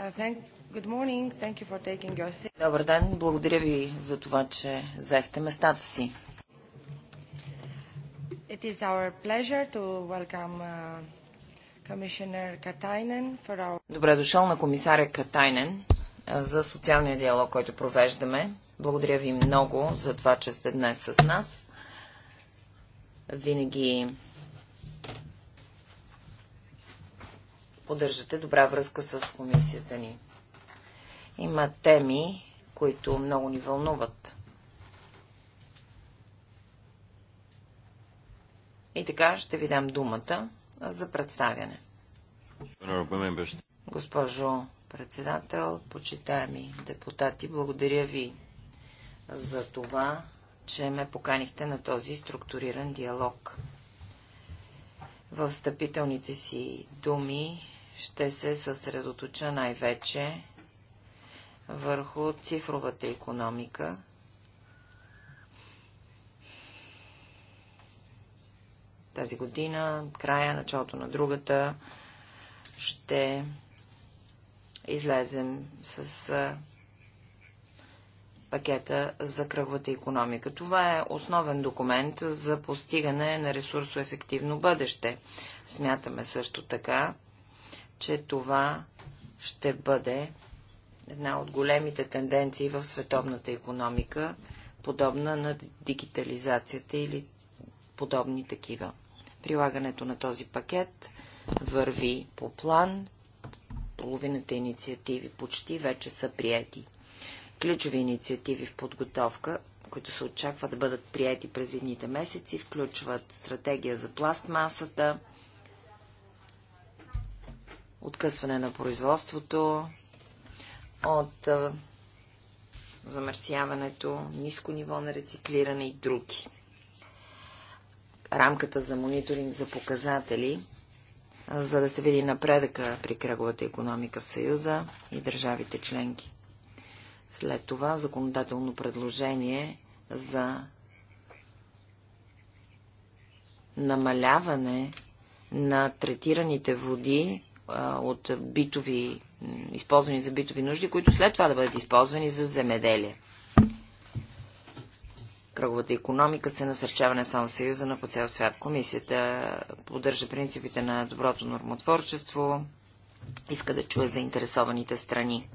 Uh, Добър ден, благодаря ви за това, че взехте местата си. It is our pleasure to welcome uh, Commissioner Katainen for our... Добре дошъл на комисаря Катайнен за социалния диалог, който провеждаме. Благодаря ви много за това, че сте днес с нас. Винаги поддържате добра връзка с комисията ни. Има теми, които много ни вълнуват. И така ще ви дам думата за представяне. Госпожо председател, почитаеми депутати, благодаря ви за това, че ме поканихте на този структуриран диалог. В встъпителните си думи ще се съсредоточа най-вече върху цифровата економика. Тази година, края, началото на другата, ще излезем с пакета за кръговата економика. Това е основен документ за постигане на ресурсоефективно бъдеще. Смятаме също така, че това ще бъде една от големите тенденции в световната економика, подобна на дигитализацията или подобни такива. Прилагането на този пакет върви по план. Половината инициативи почти вече са приети. Ключови инициативи в подготовка, които се очаква да бъдат приети през едните месеци, включват стратегия за пластмасата, откъсване на производството, от замърсяването, ниско ниво на рециклиране и други. Рамката за мониторинг за показатели, за да се види напредъка при кръговата економика в Съюза и държавите членки. След това законодателно предложение за намаляване на третираните води от битови, използвани за битови нужди, които след това да бъдат използвани за земеделие. Кръговата економика се насърчава не само в Съюза, но по цял свят. Комисията поддържа принципите на доброто нормотворчество, иска да чуе заинтересованите страни.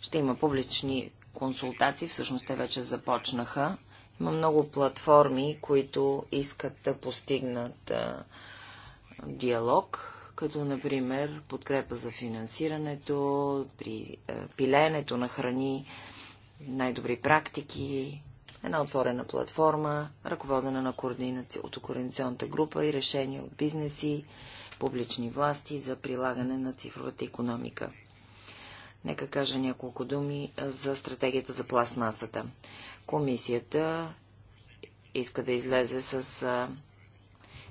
Ще има публични консултации, всъщност те вече започнаха. Има много платформи, които искат да постигнат диалог като например подкрепа за финансирането, при е, пиленето на храни, най-добри практики, една отворена платформа, ръководена на координация, от координационната група и решения от бизнеси, публични власти за прилагане на цифровата економика. Нека кажа няколко думи е, за стратегията за пластмасата. Комисията иска да излезе с е,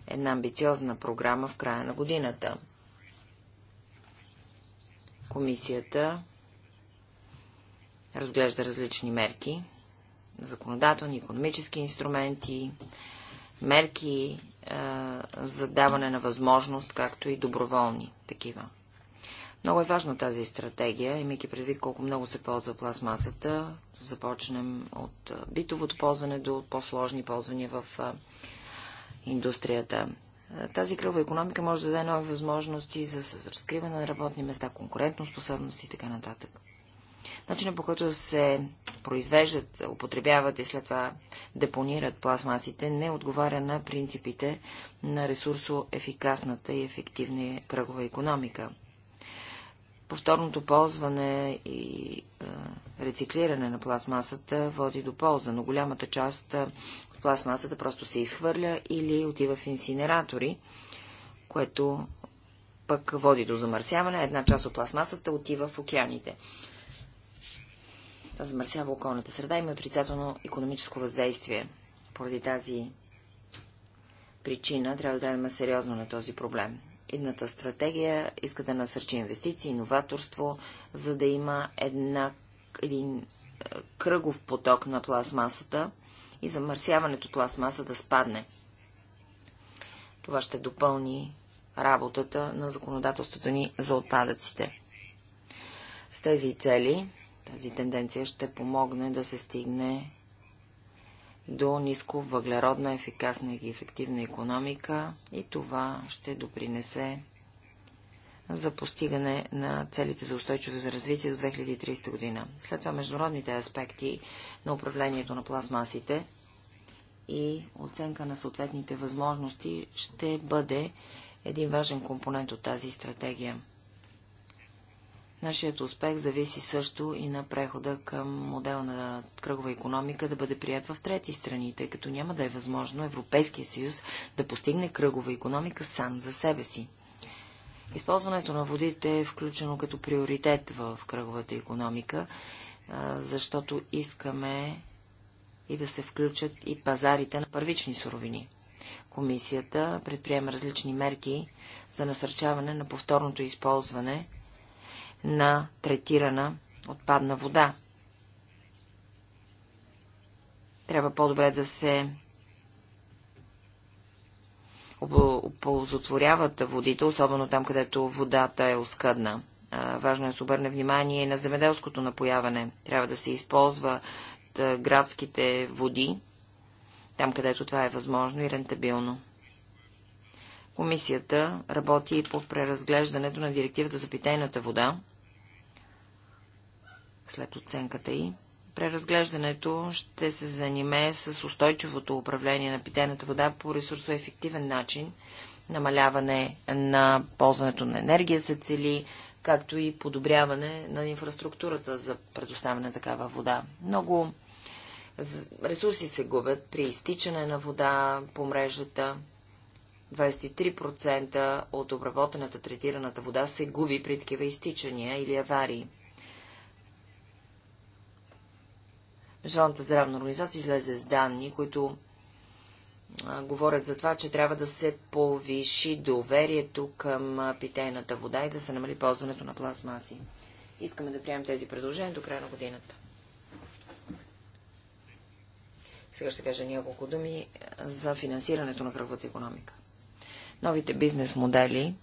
една амбициозна програма в края на годината. Комисията разглежда различни мерки, законодателни, економически инструменти, мерки е, за даване на възможност, както и доброволни такива. Много е важна тази стратегия, имайки предвид колко много се ползва пластмасата. Започнем от битовото ползване до по-сложни ползвания в индустрията. Е, тази кръва економика може да даде нови възможности за разкриване на работни места, конкурентоспособност и така нататък. Начинът по който се произвеждат, употребяват и след това депонират пластмасите не отговаря на принципите на ресурсоефикасната и ефективна кръгова економика. Повторното ползване и е, рециклиране на пластмасата води до полза, но голямата част е, пластмасата просто се изхвърля или отива в инсинератори, което пък води до замърсяване. Една част от пластмасата отива в океаните. Това замърсява околната среда, и има отрицателно економическо въздействие. Поради тази причина трябва да гледаме сериозно на този проблем. Едната стратегия иска да насърчи инвестиции, иноваторство, за да има една, един е, кръгов поток на пластмасата – и замърсяването пластмаса да спадне. Това ще допълни работата на законодателството ни за отпадъците. С тези цели, тази тенденция ще помогне да се стигне до ниско въглеродна, ефикасна и ефективна економика и това ще допринесе за постигане на целите за устойчиво за развитие до 2030 година. След това международните аспекти на управлението на пластмасите и оценка на съответните възможности ще бъде един важен компонент от тази стратегия. Нашият успех зависи също и на прехода към модел на кръгова економика да бъде прият в трети страни, тъй като няма да е възможно Европейския съюз да постигне кръгова економика сам за себе си. Използването на водите е включено като приоритет в кръговата економика, защото искаме и да се включат и пазарите на първични суровини. Комисията предприема различни мерки за насърчаване на повторното използване на третирана отпадна вода. Трябва по-добре да се оползотворяват водите, особено там, където водата е оскъдна. Важно е да се обърне внимание и на земеделското напояване. Трябва да се използват градските води, там, където това е възможно и рентабилно. Комисията работи и по преразглеждането на директивата за питейната вода, след оценката й. Преразглеждането ще се занимее с устойчивото управление на питената вода по ресурсоефективен начин, намаляване на ползването на енергия се цели, както и подобряване на инфраструктурата за предоставяне такава вода. Много ресурси се губят при изтичане на вода по мрежата. 23% от обработената третираната вода се губи при такива изтичания или аварии. Международната здравна организация излезе с данни, които а, говорят за това, че трябва да се повиши доверието към питейната вода и да се намали ползването на пластмаси. Искаме да приемем тези предложения до края на годината. Сега ще кажа няколко думи за финансирането на кръговата економика. Новите бизнес модели,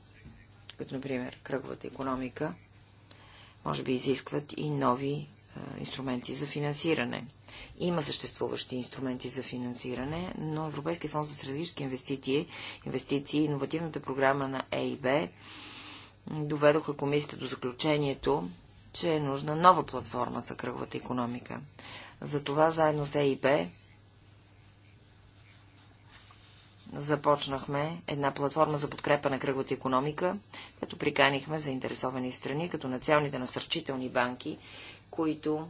като например кръговата економика, може би изискват и нови инструменти за финансиране. Има съществуващи инструменти за финансиране, но Европейския фонд за стратегически инвестиции, инвестиции иновативната програма на ЕИБ доведоха комисията до заключението, че е нужна нова платформа за кръговата економика. Затова заедно с ЕИБ започнахме една платформа за подкрепа на кръговата економика, като приканихме заинтересовани страни, като националните насърчителни банки които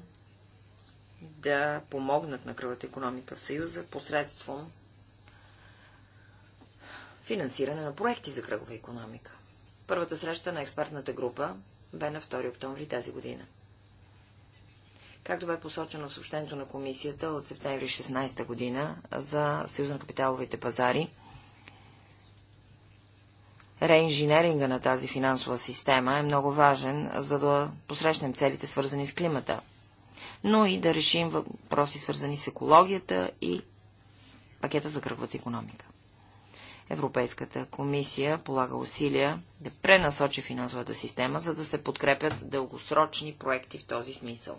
да помогнат на кръвата економика в Съюза посредством финансиране на проекти за кръгова економика. Първата среща на експертната група бе на 2 октомври тази година. Както бе посочено в съобщението на комисията от септември 16 година за Съюз на капиталовите пазари, реинжинеринга на тази финансова система е много важен, за да посрещнем целите, свързани с климата, но и да решим въпроси, свързани с екологията и пакета за кръгвата економика. Европейската комисия полага усилия да пренасочи финансовата система, за да се подкрепят дългосрочни проекти в този смисъл.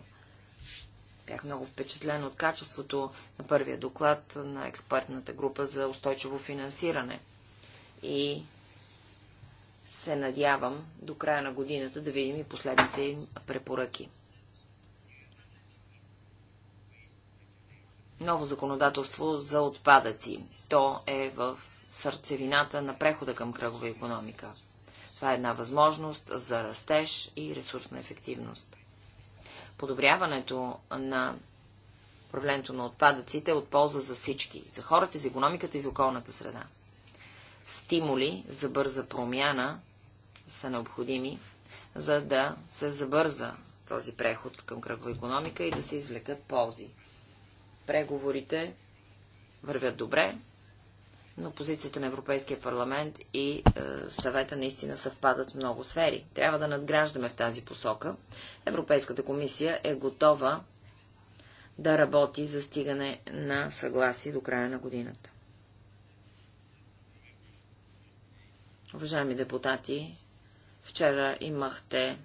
Бях много впечатлен от качеството на първия доклад на експертната група за устойчиво финансиране и се надявам до края на годината да видим и последните им препоръки. Ново законодателство за отпадъци. То е в сърцевината на прехода към кръгова економика. Това е една възможност за растеж и ресурсна ефективност. Подобряването на управлението на отпадъците е от полза за всички, за хората, за економиката и за околната среда стимули за бърза промяна са необходими, за да се забърза този преход към кръгова економика и да се извлекат ползи. Преговорите вървят добре, но позицията на Европейския парламент и е, съвета наистина съвпадат в много сфери. Трябва да надграждаме в тази посока. Европейската комисия е готова да работи за стигане на съгласие до края на годината. Уважаеми депутати, вчера имахте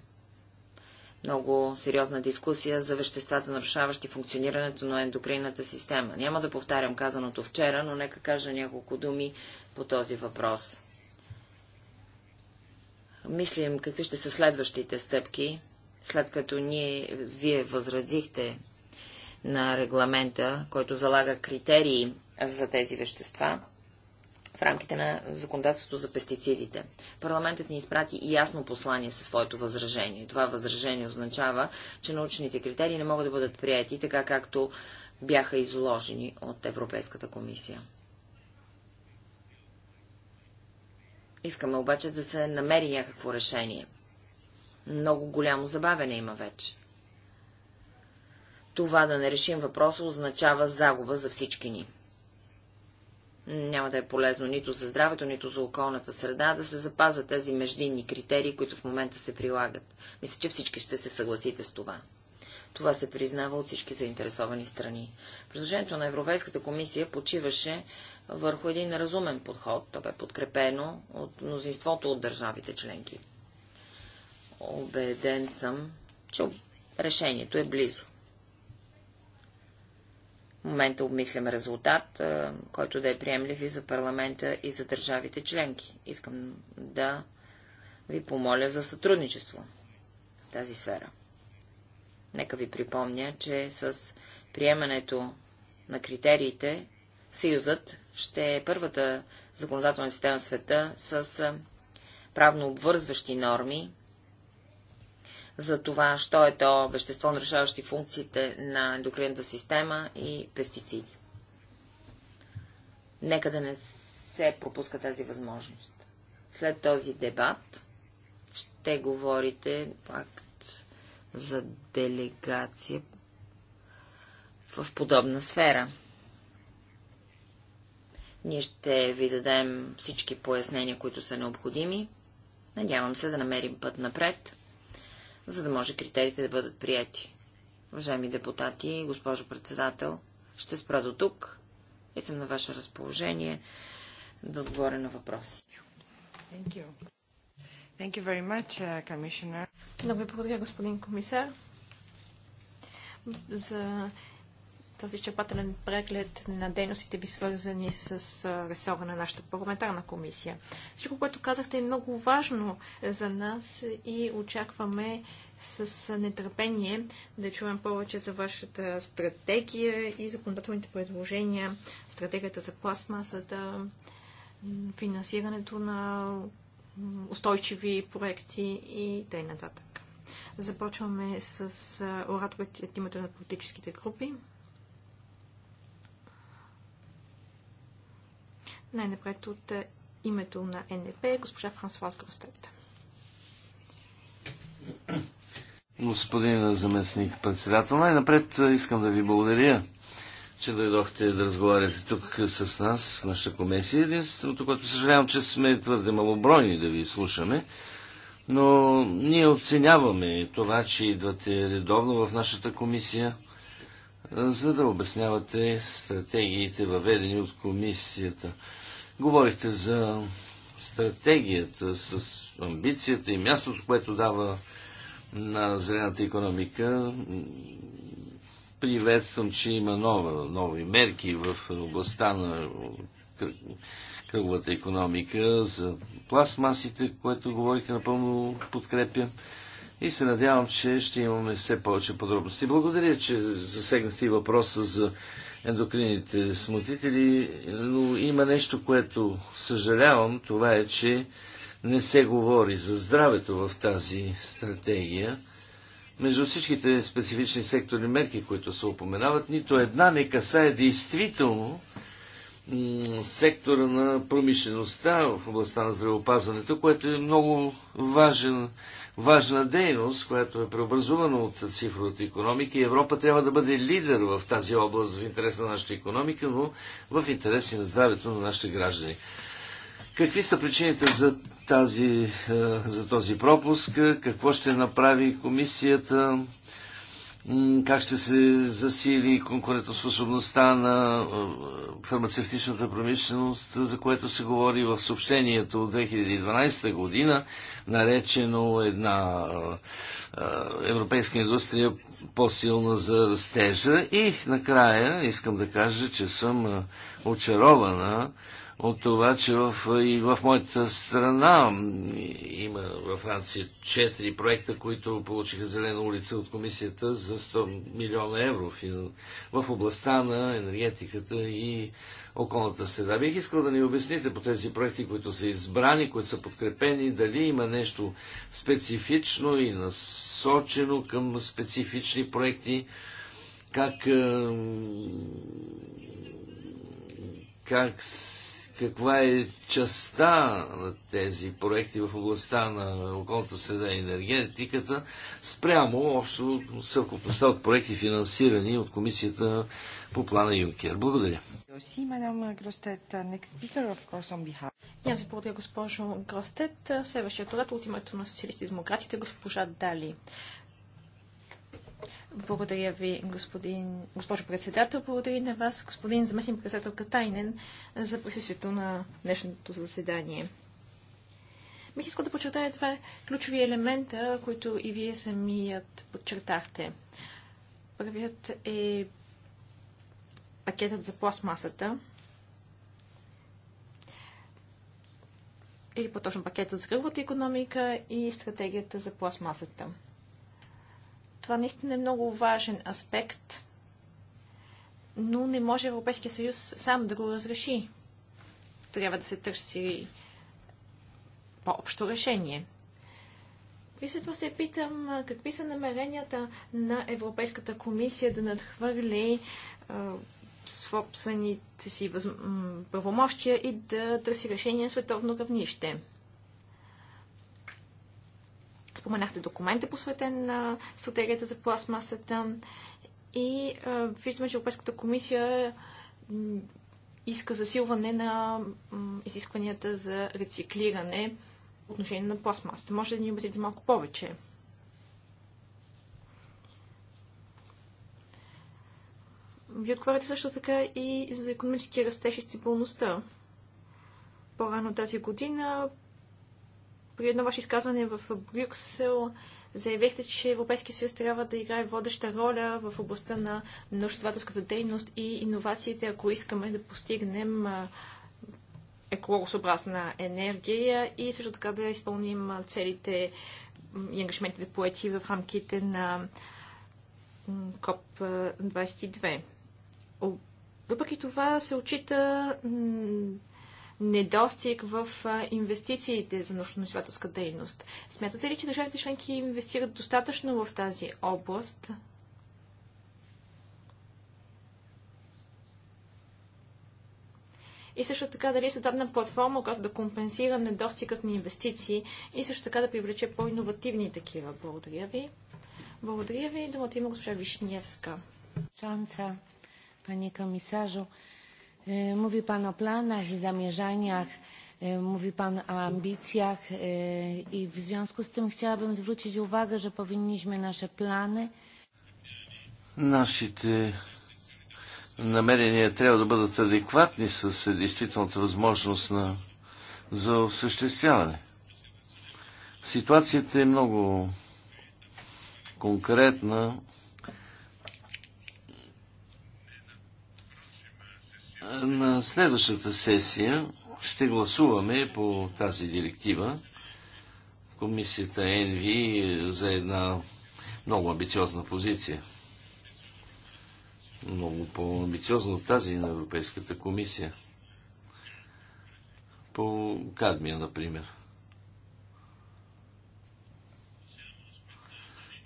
много сериозна дискусия за веществата, нарушаващи функционирането на ендокринната система. Няма да повтарям казаното вчера, но нека кажа няколко думи по този въпрос. Мислим какви ще са следващите стъпки, след като ние, вие възразихте на регламента, който залага критерии за тези вещества в рамките на законодателството за пестицидите. Парламентът ни изпрати и ясно послание със своето възражение. Това възражение означава, че научните критерии не могат да бъдат прияти така, както бяха изложени от Европейската комисия. Искаме обаче да се намери някакво решение. Много голямо забавене има вече. Това да не решим въпроса означава загуба за всички ни няма да е полезно нито за здравето, нито за околната среда, да се запазят тези междинни критерии, които в момента се прилагат. Мисля, че всички ще се съгласите с това. Това се признава от всички заинтересовани страни. Предложението на Европейската комисия почиваше върху един разумен подход, то бе подкрепено от мнозинството от държавите членки. Обеден съм, че решението е близо. В момента обмислям резултат, който да е приемлив и за парламента и за държавите членки. Искам да ви помоля за сътрудничество в тази сфера. Нека ви припомня, че с приемането на критериите Съюзът ще е първата законодателна система в света с правно обвързващи норми за това, що е то вещество, нарушаващи функциите на ендокринната система и пестициди. Нека да не се пропуска тази възможност. След този дебат ще говорите акт за делегация в подобна сфера. Ние ще ви дадем всички пояснения, които са необходими. Надявам се да намерим път напред за да може критериите да бъдат прияти. Уважаеми депутати, госпожо председател, ще спра до тук и съм на ваше разположение да отговоря на въпроси. Thank you. Thank you very much, uh, Много ви благодаря, господин комисар, за този изчерпателен преглед на дейностите ви, свързани с ресора на нашата парламентарна комисия. Всичко, което казахте, е много важно за нас и очакваме с нетърпение да чуем повече за вашата стратегия и законодателните предложения, стратегията за пластмасата, финансирането на устойчиви проекти и т.н. Започваме с ораторите от името на политическите групи. най-напред от е, името на НДП, госпожа Франсуаз Гростет. Господин заместник председател, най-напред е, искам да ви благодаря, че дойдохте да разговаряте тук с нас в нашата комисия. Единственото, което съжалявам, че сме твърде малобройни да ви слушаме, но ние оценяваме това, че идвате редовно в нашата комисия, е, за да обяснявате стратегиите, въведени от комисията. Говорихте за стратегията с амбицията и мястото, което дава на зелената економика. Приветствам, че има нова, нови мерки в областта на кръговата економика, за пластмасите, което говорихте напълно подкрепя. И се надявам, че ще имаме все повече подробности. Благодаря, че засегнахте и въпроса за ендокрините смутители, но има нещо, което съжалявам, това е, че не се говори за здравето в тази стратегия. Между всичките специфични сектори, мерки, които се упоменават, нито една не касае действително сектора на промишлеността в областта на здравеопазването, което е много важен важна дейност, която е преобразувана от цифровата економика и Европа трябва да бъде лидер в тази област в интерес на нашата економика, но в интерес и на здравето на нашите граждани. Какви са причините за, тази, е, за този пропуск? Какво ще направи комисията? как ще се засили конкурентоспособността на фармацевтичната промишленост, за което се говори в съобщението от 2012 година, наречено една европейска индустрия по-силна за растежа. И накрая искам да кажа, че съм очарована от това, че в, и в моята страна има във Франция четири проекта, които получиха зелена улица от комисията за 100 милиона евро в областта на енергетиката и околната среда. Бих искал да ни обясните по тези проекти, които са избрани, които са подкрепени, дали има нещо специфично и насочено към специфични проекти, как, как каква е частта на тези проекти в областта на околната среда и енергетиката спрямо общо съвкупността от проекти финансирани от комисията по плана Юнкер. Благодаря. Я ви благодаря, госпожо Гростет. Следващият ред от името на социалисти и демократите, госпожа Дали. Благодаря ви, господин, госпожо председател. Благодаря на вас, господин заместник председател Катайнен, за присъствието на днешното заседание. Бих искал да подчертая два ключови елемента, които и вие самият подчертахте. Първият е пакетът за пластмасата, или по-точно пакетът за кръвната економика и стратегията за пластмасата. Това наистина е много важен аспект, но не може Европейския съюз сам да го разреши. Трябва да се търси по-общо решение. И след това се питам какви са намеренията на Европейската комисия да надхвърли собствените си правомощия и да търси решение на световно равнище. Споменахте документа, е посветен на стратегията за пластмасата. И а, виждаме, че Европейската комисия иска засилване на изискванията за рециклиране по отношение на пластмасата. Може да ни обясните малко повече. Вие отговаряте също така и за економическия растеж и стабилността. По-рано тази година при едно ваше изказване в Брюксел заявихте, че Европейския съюз трябва да играе водеща роля в областта на научно-изследователската дейност и иновациите, ако искаме да постигнем екологосъобразна енергия и също така да изпълним целите и ангажиментите поети в рамките на КОП-22. Въпреки това се очита недостиг в инвестициите за научно-изследователска дейност. Смятате ли, че държавите членки инвестират достатъчно в тази област? И също така дали е създадена платформа, която да компенсира недостигът на инвестиции и също така да привлече по-инновативни такива. Благодаря ви. Благодаря ви. Думата има госпожа Вишневска. Шанса, пани комисажо. Mówi Pan o planach i zamierzaniach, mówi Pan o ambicjach i w związku z tym chciałabym zwrócić uwagę, że powinniśmy nasze plany... Nasze намерения трябва да бъдат адекватни с действителната възможност на, за осъществяване. Ситуацията е много конкретна На следващата сесия ще гласуваме по тази директива. Комисията ЕНВИ за една много амбициозна позиция. Много по-амбициозна от тази на Европейската комисия. По кадмия, например.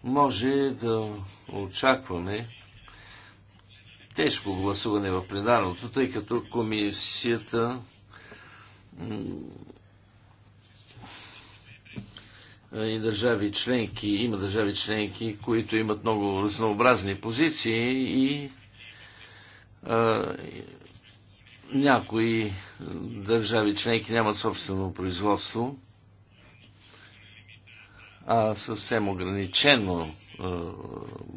Може да очакваме тежко гласуване в пленарното, тъй като комисията и държави членки, има държави членки, които имат много разнообразни позиции и а, някои държави членки нямат собствено производство, а съвсем ограничено а,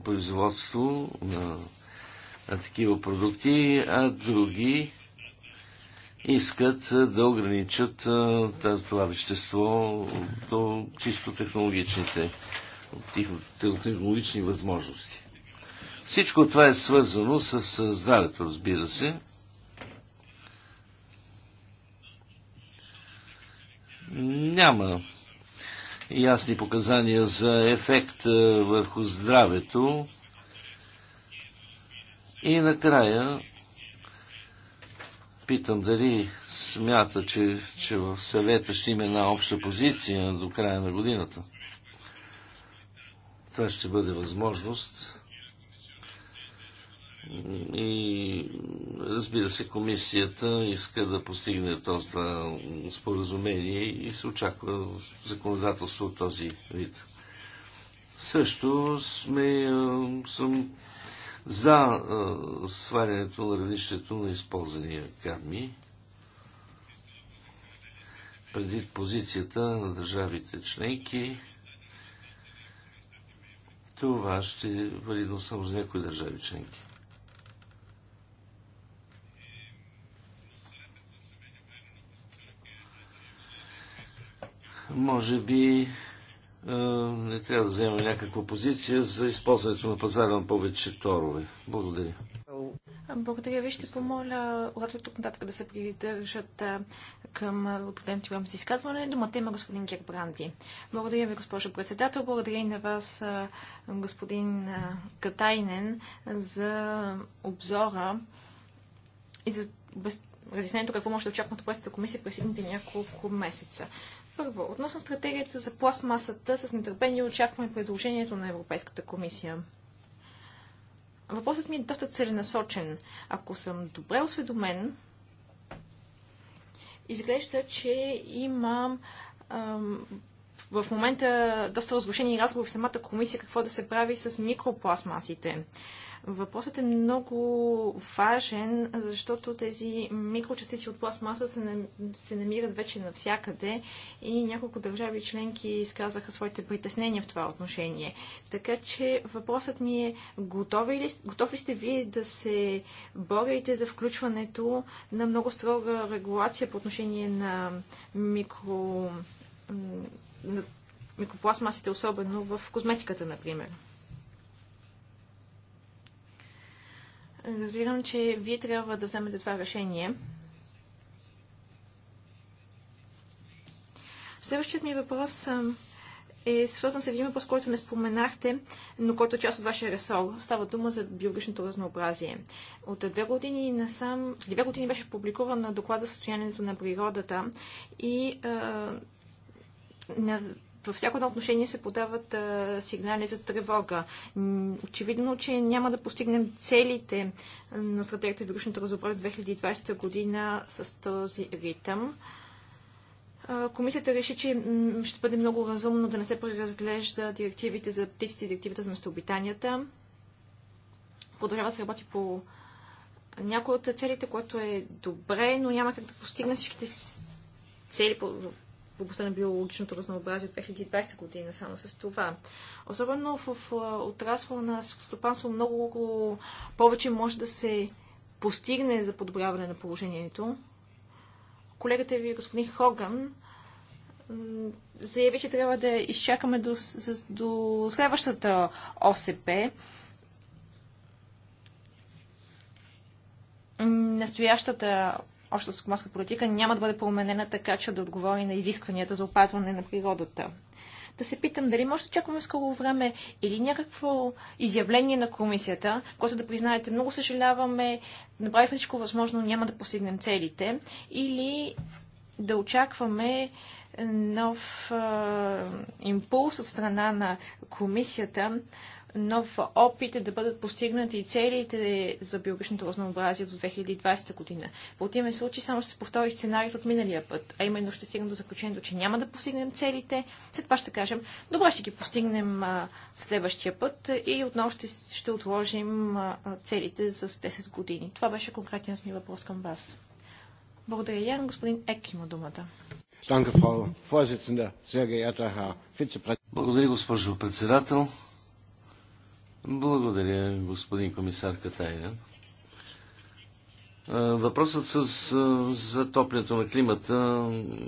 производство на такива продукти, а други искат да ограничат това вещество до чисто технологичните, технологични възможности. Всичко това е свързано с здравето, разбира се. Няма ясни показания за ефект върху здравето и накрая питам дали смята, че, че в съвета ще има една обща позиция до края на годината. Това ще бъде възможност. И разбира се, комисията иска да постигне това споразумение и се очаква законодателство от този вид. Също сме, съм за свалянето на равнището на използвания кадми предвид позицията на държавите членки. Това ще е валидно само за някои държави членки. Може би е, не трябва да вземем някаква позиция за използването на пазара на повече торове. Благодаря. Благодаря ви. Ще помоля когато тук нататък да се придържат е, към е, определените време за изказване. Думата има господин Гербранди. Благодаря ви, госпожо председател. Благодаря и на вас, господин Катайнен, за обзора и за разяснението какво може да очакват от комисия през следните няколко месеца. Първо, относно стратегията за пластмасата, с нетърпение очакваме предложението на Европейската комисия. Въпросът ми е доста целенасочен. Ако съм добре осведомен, изглежда, че имам ам, в момента доста разрушени разговори в самата комисия какво да се прави с микропластмасите. Въпросът е много важен, защото тези микрочастици от пластмаса се, се намират вече навсякъде и няколко държави членки изказаха своите притеснения в това отношение. Така че въпросът ми е, готови ли, готов ли сте вие да се борите за включването на много строга регулация по отношение на микро на микропластмасите, особено в козметиката, например. Разбирам, че вие трябва да вземете това решение. Следващият ми въпрос е свързан с един въпрос, който не споменахте, но който е част от вашия ресор. Става дума за биологичното разнообразие. От две години насам, две години беше публикуван на доклада състоянието на природата и е, на във всяко едно отношение се подават а, сигнали за тревога. Очевидно, че няма да постигнем целите на стратегията Вирушното разобрание 2020 година с този ритъм. комисията реши, че ще бъде много разумно да не се преразглежда директивите за птиците и директивите за местообитанията. Продължава се работи по някои от целите, което е добре, но няма как да постигне всичките цели по в областта на биологичното разнообразие от 2020 година само с това. Особено в, в отрасла на стопанство много повече може да се постигне за подобряване на положението. Колегата ви, господин Хоган, заяви, че трябва да изчакаме до, до следващата ОСП. Настоящата общата стокморска политика няма да бъде променена така, че да отговори на изискванията за опазване на природата. Да се питам дали може да очакваме скоро време или някакво изявление на комисията, което да признаете много съжаляваме, направихме всичко възможно, няма да постигнем целите, или да очакваме нов а, импулс от страна на комисията, нов опит е да бъдат постигнати целите за биологичното разнообразие до 2020 година. В противен случай само ще се повтори сценарият от миналия път, а именно ще стигнем до заключението, че няма да постигнем целите. След това ще кажем, добре, ще ги постигнем а, следващия път и отново ще, ще отложим а, целите с 10 години. Това беше конкретният ми въпрос към вас. Благодаря, Ян. Господин Ек има думата. Благодаря, госпожо председател. Благодаря, господин комисар Катайна. Въпросът с затоплянето на климата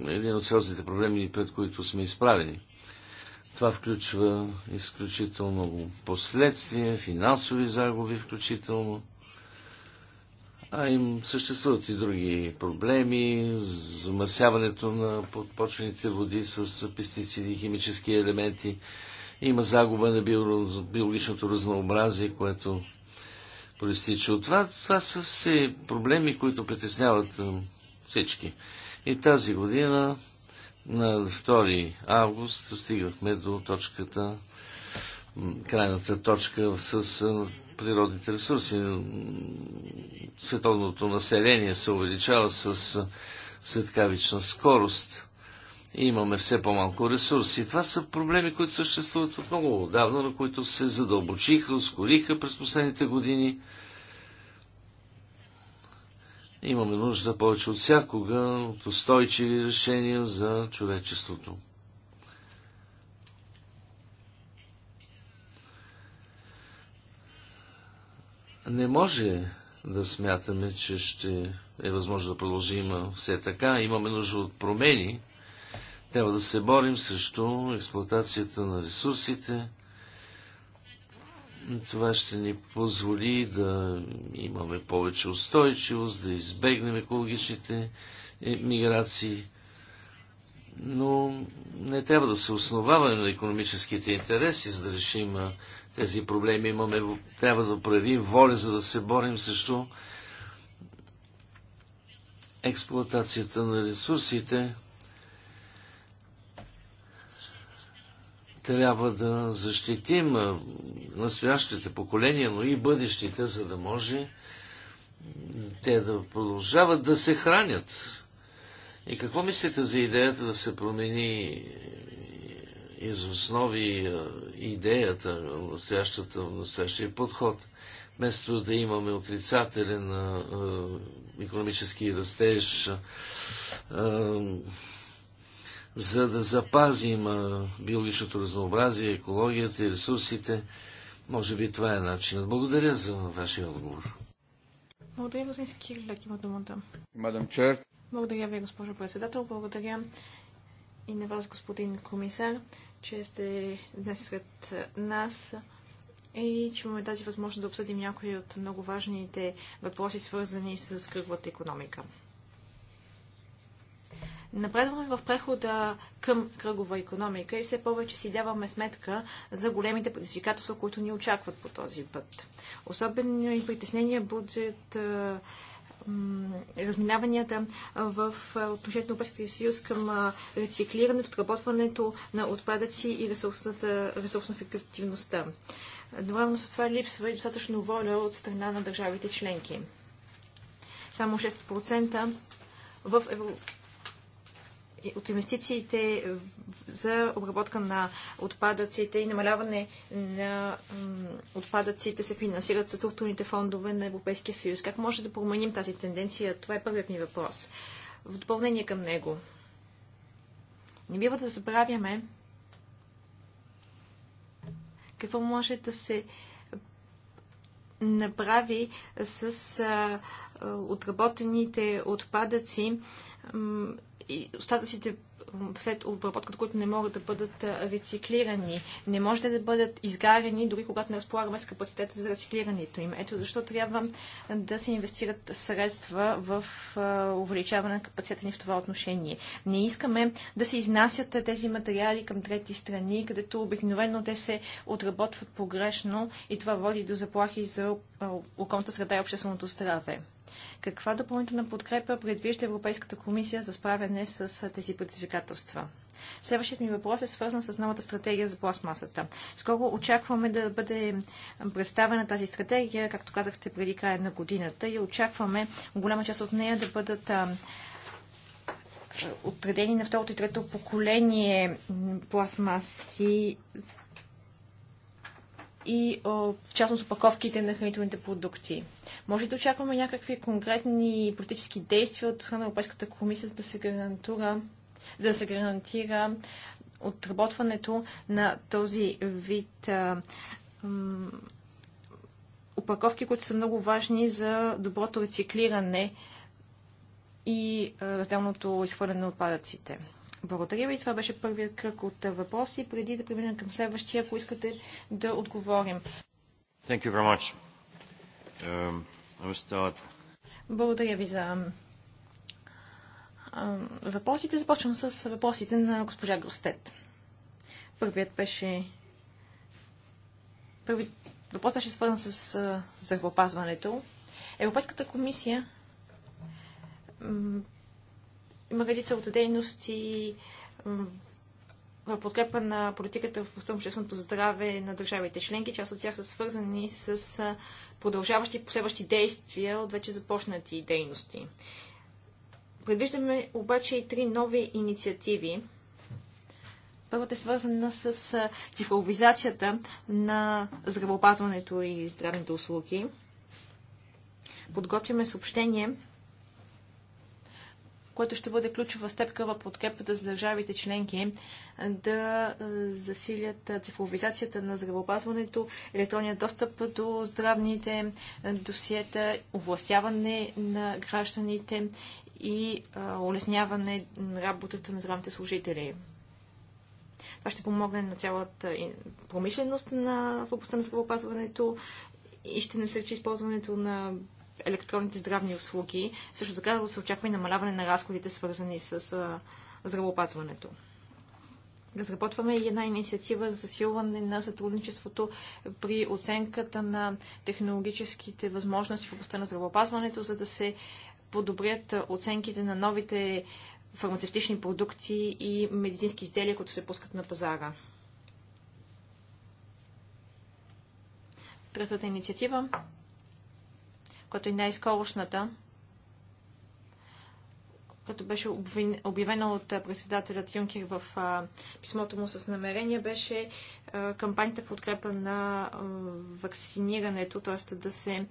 е един от сериозните проблеми, пред които сме изправени. Това включва изключително последствия, финансови загуби включително. А им съществуват и други проблеми, замърсяването на подпочвените води с пестициди, химически елементи, има загуба на биологичното разнообразие, което проистича от това. Това са все проблеми, които притесняват всички. И тази година, на 2 август, стигахме до точката, крайната точка с е, природните ресурси. Световното население се увеличава с е, светкавична скорост имаме все по-малко ресурси. Това са проблеми, които съществуват от много отдавна, на които се задълбочиха, ускориха през последните години. Имаме нужда повече от всякога от устойчиви решения за човечеството. Не може да смятаме, че ще е възможно да продължим все така. Имаме нужда от промени, трябва да се борим срещу експлуатацията на ресурсите. Това ще ни позволи да имаме повече устойчивост, да избегнем екологичните е, миграции. Но не трябва да се основаваме на економическите интереси, за да решим тези проблеми. Имаме, трябва да проявим воля, за да се борим срещу експлуатацията на ресурсите. Трябва да защитим настоящите поколения, но и бъдещите, за да може те да продължават да се хранят. И какво мислите за идеята да се промени из основи идеята настоящата, настоящия подход? Вместо да имаме отрицателен економически растеж, за да запазим биологичното разнообразие, екологията и ресурсите. Може би това е начинът. Благодаря за вашия отговор. Благодаря, господин Кирлек, има думата. Мадам Чер. Благодаря ви, госпожо председател. Благодаря и на вас, господин комисар, че сте днес сред нас и че имаме тази възможност да обсъдим някои от много важните въпроси, свързани с кръглата економика. Напредваме в прехода към кръгова економика и все повече си даваме сметка за големите предизвикателства, които ни очакват по този път. Особено и притеснения будят разминаванията в отношението на Европейския съюз към рециклирането, отработването на отпадъци и ресурсна ефективността. Едновременно с това липсва и достатъчно воля от страна на държавите членки. Само 6% в Европейския от инвестициите за обработка на отпадъците и намаляване на отпадъците се финансират със структурните фондове на Европейския съюз. Как може да променим тази тенденция? Това е първият ми въпрос. В допълнение към него. Не бива да забравяме какво може да се направи с отработените отпадъци и остатъците след обработката, които не могат да бъдат рециклирани. Не може да бъдат изгарени, дори когато не разполагаме с капацитета за рециклирането им. Ето защо трябва да се инвестират средства в увеличаване на капацитета ни в това отношение. Не искаме да се изнасят тези материали към трети страни, където обикновено те се отработват погрешно и това води до заплахи за околната среда и общественото здраве. Каква допълнителна подкрепа предвижда Европейската комисия за справяне с тези предизвикателства? Следващият ми въпрос е свързан с новата стратегия за пластмасата. Скоро очакваме да бъде представена тази стратегия, както казахте, преди края на годината и очакваме голяма част от нея да бъдат отредени на второто и трето поколение пластмаси и в частност опаковките на хранителните продукти. Може да очакваме някакви конкретни политически действия от страна на Европейската комисия, за да се гарантира, да се гарантира отработването на този вид а, м, опаковки, които са много важни за доброто рециклиране и разделното изхвърляне на отпадъците. Благодаря ви. Това беше първият кръг от въпроси. Преди да преминем към следващия, ако искате да отговорим. Thank you very much. Um, start... Благодаря ви за въпросите. Започвам с въпросите на госпожа Гростет. Първият беше... Първият въпрос беше свързан с здравеопазването. Европейската комисия има редица от дейности в подкрепа на политиката в областта на общественото здраве на държавите членки. Част от тях са свързани с продължаващи и последващи действия от вече започнати дейности. Предвиждаме обаче и три нови инициативи. Първата е свързана с цифровизацията на здравеопазването и здравните услуги. Подготвяме съобщение което ще бъде ключова степка в подкрепата за държавите членки е, да е, засилят е, цифровизацията на здравеопазването, електронния достъп до здравните досиета, овластяване на гражданите и улесняване на работата на здравните служители. Това ще помогне на цялата промишленост на, в областта на здравеопазването и ще насърчи използването на електронните здравни услуги. Също така да се очаква и намаляване на разходите, свързани с здравеопазването. Разработваме и една инициатива за засилване на сътрудничеството при оценката на технологическите възможности в областта на здравеопазването, за да се подобрят оценките на новите фармацевтични продукти и медицински изделия, които се пускат на пазара. Третата инициатива която и най-скорошната, като беше обявена от председателят Юнкер в писмото му с намерение, беше кампанията в подкрепа на вакцинирането, т.е. да се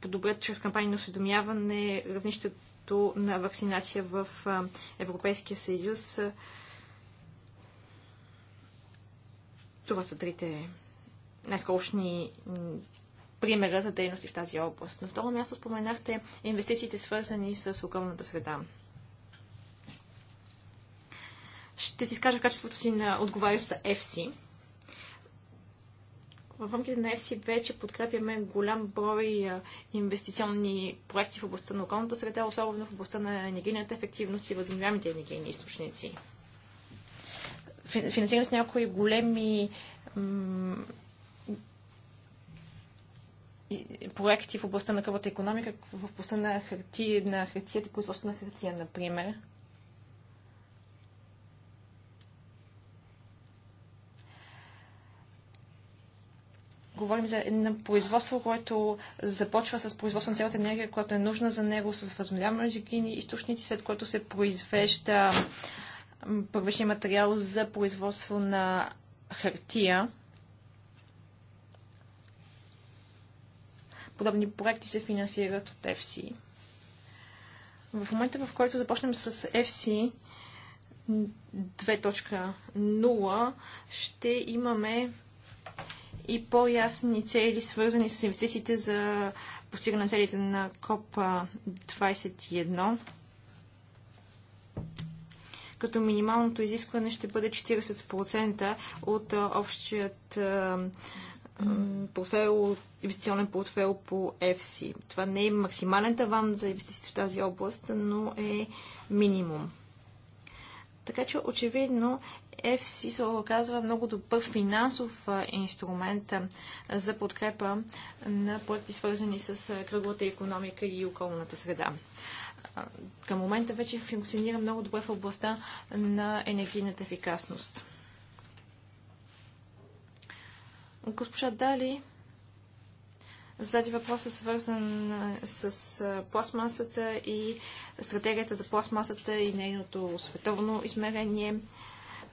подобрят чрез кампания на осведомяване равнището на вакцинация в Европейския съюз. Това са трите най-скорошни примера за дейности в тази област. На второ място споменахте инвестициите, свързани с околната среда. Ще си изкажа в качеството си на отговарящ за EFSI. В рамките на EFSI вече подкрепяме голям брой инвестиционни проекти в областта на околната среда, особено в областта на енергийната ефективност и възобновяемите енергийни източници. Финансираме с някои големи проекти в областта на кръвата економика, в областта на, хартия, на хартията и производство на хартия, например. говорим за едно производство, което започва с производство на цялата енергия, която е нужна за него, с възобновяеми енергийни източници, след което се произвежда първичния материал за производство на хартия. подобни проекти се финансират от FC. В момента, в който започнем с FC 2.0, ще имаме и по-ясни цели, свързани с инвестициите за постигане на целите на КОП-21 като минималното изискване ще бъде 40% от общият портфел, инвестиционен портфел по FC. Това не е максимален таван за инвестиции в тази област, но е минимум. Така че очевидно FC се оказва е много добър финансов инструмент за подкрепа на проекти свързани с кръглата економика и околната среда. Към момента вече функционира много добре в областта на енергийната ефикасност. Госпожа Дали зададе въпроса, свързан с пластмасата и стратегията за пластмасата и нейното световно измерение.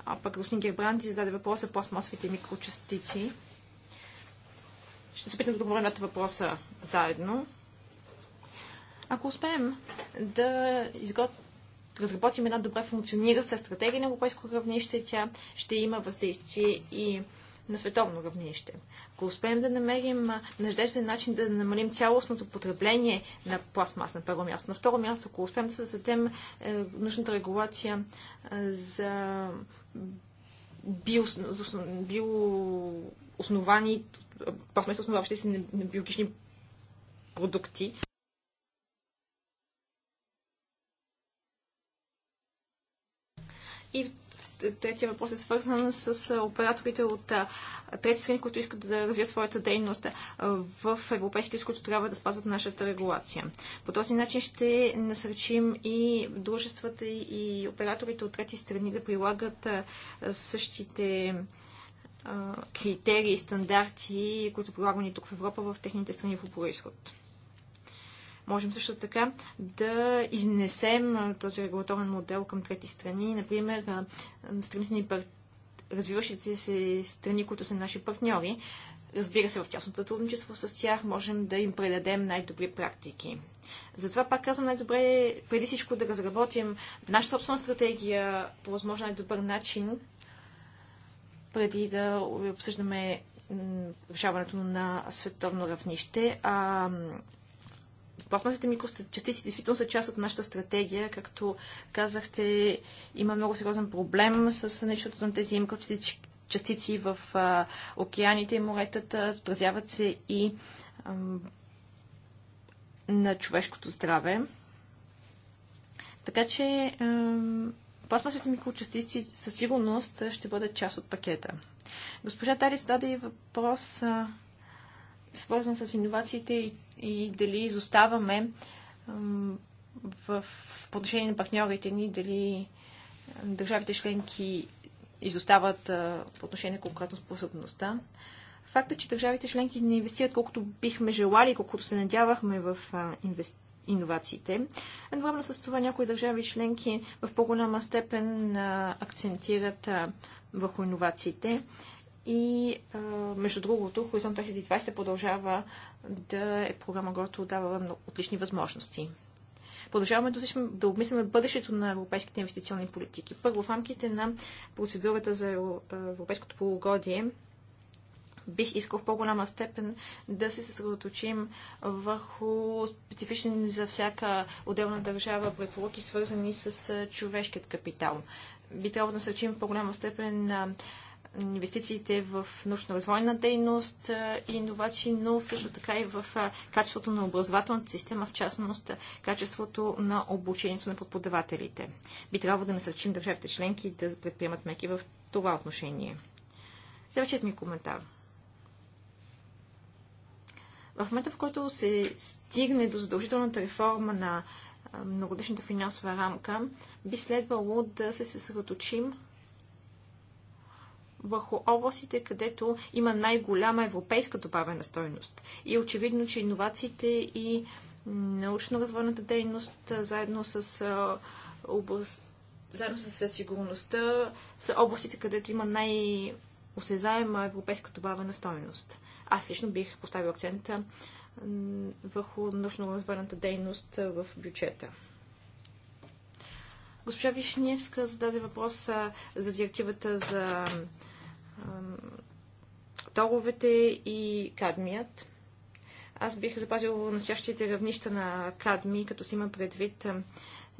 А пък господин Гербранди зададе въпроса за пластмасовите микрочастици. Ще се опитам да отговоря на въпроса заедно. Ако успеем да изгод... разработим една добре функционираща стратегия на европейско равнище, тя ще има въздействие и на световно равнище. Ако успеем да намерим надежден начин да намалим цялостното потребление на пластмас на първо място, на второ място, ако успеем да създадем е, нужната регулация е, за биоосновани, био пластмас основаващи се на, на биологични продукти, И третия въпрос е свързан с операторите от трети страни, които искат да развият своята дейност в Европейския съюз, които трябва да спазват нашата регулация. По този начин ще насречим и дружествата и операторите от трети страни да прилагат същите критерии и стандарти, които прилагаме тук в Европа в техните страни по происход. Можем също така да изнесем този регулаторен модел към трети страни, например страните ни пар... развиващите се страни, които са наши партньори. Разбира се, в тясното сътрудничество с тях можем да им предадем най-добри практики. Затова пак казвам най-добре е преди всичко да разработим наша собствена стратегия по възможно най-добър начин, преди да обсъждаме решаването на световно равнище. А пластмасовите микрочастици действително са част от нашата стратегия. Както казахте, има много сериозен проблем с нещото на тези микрочастици в а, океаните и моретата. Отразяват се и а, на човешкото здраве. Така че а, пластмасовите микрочастици със сигурност ще бъдат част от пакета. Госпожа Тари зададе и въпрос свързан с иновациите и, и дали изоставаме в, в отношение на партньорите ни, дали държавите членки изостават а, по отношение на конкретно способността. Факта, че държавите членки не инвестират колкото бихме желали, колкото се надявахме в а, инвести... иновациите. Едновременно с това някои държави членки в по-голяма степен а, акцентират върху иновациите. И а, между другото, Хоризонт 2020 продължава да е програма, която дава отлични възможности. Продължаваме да, обмисляме бъдещето на европейските инвестиционни политики. Първо, в рамките на процедурата за европейското полугодие, бих искал в по-голяма степен да се съсредоточим върху специфични за всяка отделна държава препоръки, свързани с човешкият капитал. Би трябвало да насърчим в по-голяма степен инвестициите в научно-развойна дейност и иновации, но също така и в качеството на образователната система, в частност качеството на обучението на преподавателите. Би трябвало да насърчим държавите членки да предприемат меки в това отношение. Следващият ми коментар. В момента, в който се стигне до задължителната реформа на многодишната финансова рамка, би следвало да се съсредоточим върху областите, където има най-голяма европейска добавена стойност. И е очевидно, че иновациите и научно-развойната дейност заедно с област, заедно с сигурността са областите, където има най-осезаема европейска добавена стойност. Аз лично бих поставил акцента върху научно-развойната дейност в бюджета. Госпожа Вишневска зададе въпроса за директивата за торовете и кадмият. Аз бих запазил настоящите равнища на кадми, като си има предвид,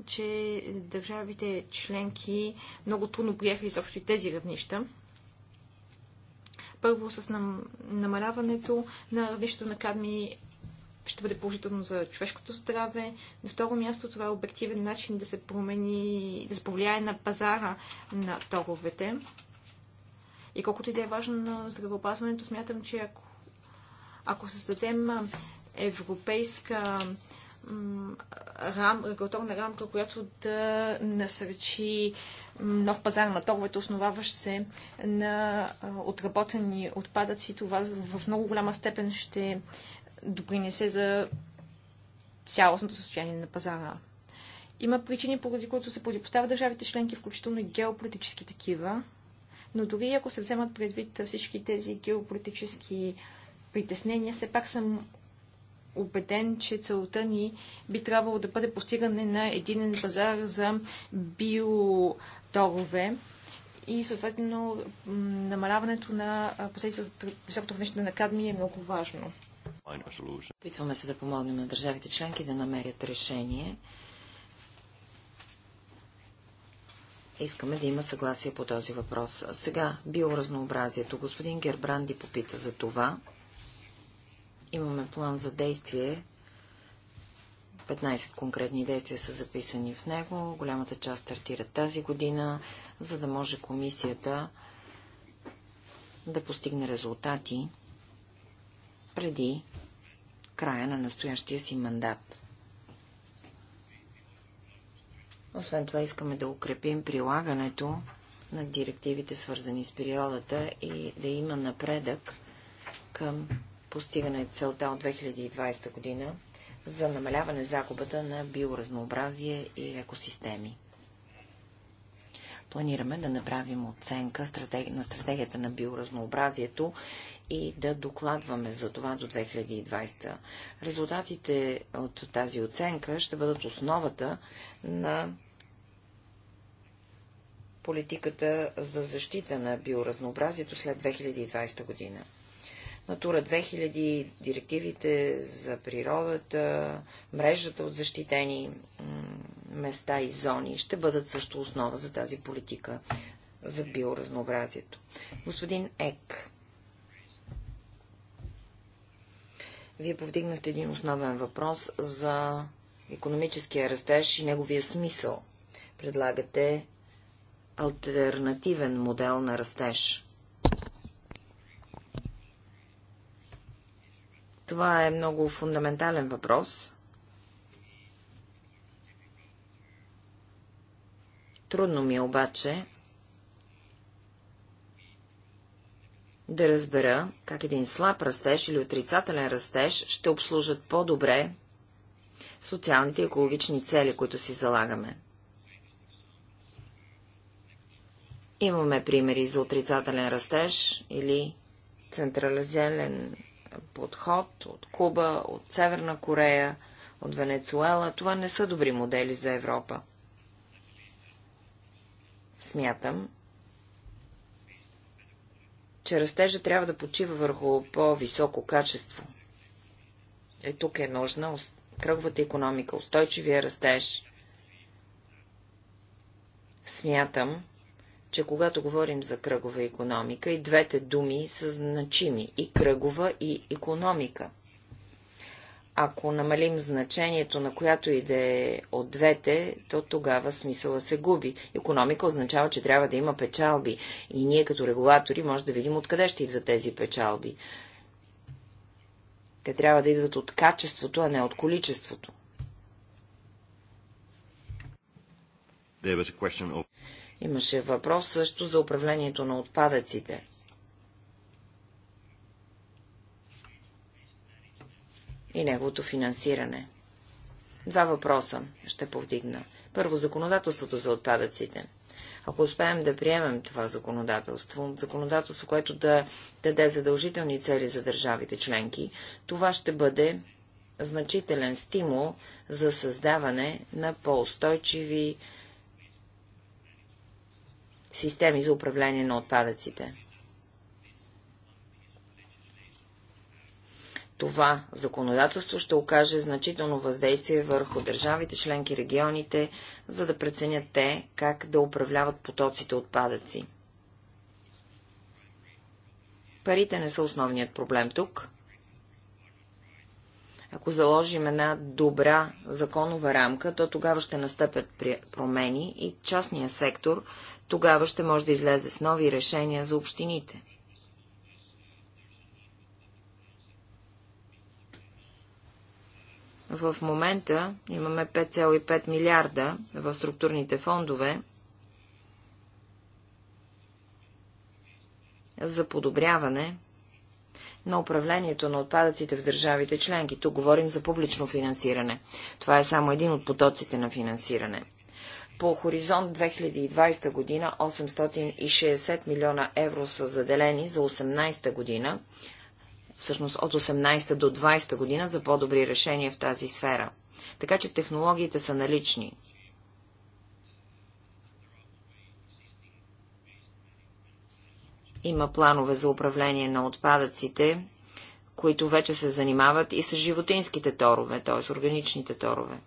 че държавите членки много трудно приеха изобщо и тези равнища. Първо с намаляването на равнището на кадми ще бъде положително за човешкото здраве. На второ място това е обективен начин да се промени, да се повлияе на пазара на торовете. И колкото и да е важно на здравеопазването, смятам, че ако, ако създадем европейска рам, регулаторна рамка, която да насръчи нов пазар на торовете, основаващ се на отработени отпадъци. Това в много голяма степен ще допринесе за цялостното състояние на пазара. Има причини, поради които се противопоставят държавите членки, включително и геополитически такива. Но дори ако се вземат предвид всички тези геополитически притеснения, все пак съм убеден, че целта ни би трябвало да бъде постигане на единен пазар за биоторове и съответно намаляването на последствията от високото на кадми е много важно. Опитваме се да помогнем на държавите членки да намерят решение. Искаме да има съгласие по този въпрос. Сега биоразнообразието. Господин Гербранди попита за това. Имаме план за действие. 15 конкретни действия са записани в него. Голямата част стартира тази година, за да може комисията да постигне резултати преди края на настоящия си мандат. Освен това искаме да укрепим прилагането на директивите, свързани с природата и да има напредък към постигане целта от 2020 година за намаляване загубата на биоразнообразие и екосистеми. Планираме да направим оценка на стратегията на биоразнообразието и да докладваме за това до 2020. Резултатите от тази оценка ще бъдат основата на политиката за защита на биоразнообразието след 2020 година. Натура 2000, директивите за природата, мрежата от защитени места и зони ще бъдат също основа за тази политика за биоразнообразието. Господин Ек Вие повдигнахте един основен въпрос за економическия растеж и неговия смисъл. Предлагате альтернативен модел на растеж. Това е много фундаментален въпрос. Трудно ми е обаче да разбера как един слаб растеж или отрицателен растеж ще обслужат по-добре социалните и екологични цели, които си залагаме. Имаме примери за отрицателен растеж или централизелен подход от Куба, от Северна Корея, от Венецуела. Това не са добри модели за Европа. Смятам, че растежа трябва да почива върху по-високо качество. Е, тук е нужна кръговата економика, устойчивия растеж. Смятам, че когато говорим за кръгова економика, и двете думи са значими – и кръгова, и економика – ако намалим значението на която и да е от двете, то тогава смисъла се губи. Економика означава, че трябва да има печалби. И ние като регулатори може да видим откъде ще идват тези печалби. Те трябва да идват от качеството, а не от количеството. Имаше въпрос също за управлението на отпадъците. и неговото финансиране. Два въпроса ще повдигна. Първо, законодателството за отпадъците. Ако успеем да приемем това законодателство, законодателство, което да даде задължителни цели за държавите членки, това ще бъде значителен стимул за създаване на по-устойчиви системи за управление на отпадъците. това законодателство ще окаже значително въздействие върху държавите, членки, регионите, за да преценят те как да управляват потоците отпадъци. Парите не са основният проблем тук. Ако заложим една добра законова рамка, то тогава ще настъпят промени и частния сектор тогава ще може да излезе с нови решения за общините. В момента имаме 5,5 милиарда в структурните фондове за подобряване на управлението на отпадъците в държавите членки. Тук говорим за публично финансиране. Това е само един от потоците на финансиране. По хоризонт 2020 година 860 милиона евро са заделени за 18 година всъщност от 18 та до 20 та година за по-добри решения в тази сфера. Така че технологиите са налични. Има планове за управление на отпадъците, които вече се занимават и с животинските торове, т.е. органичните торове.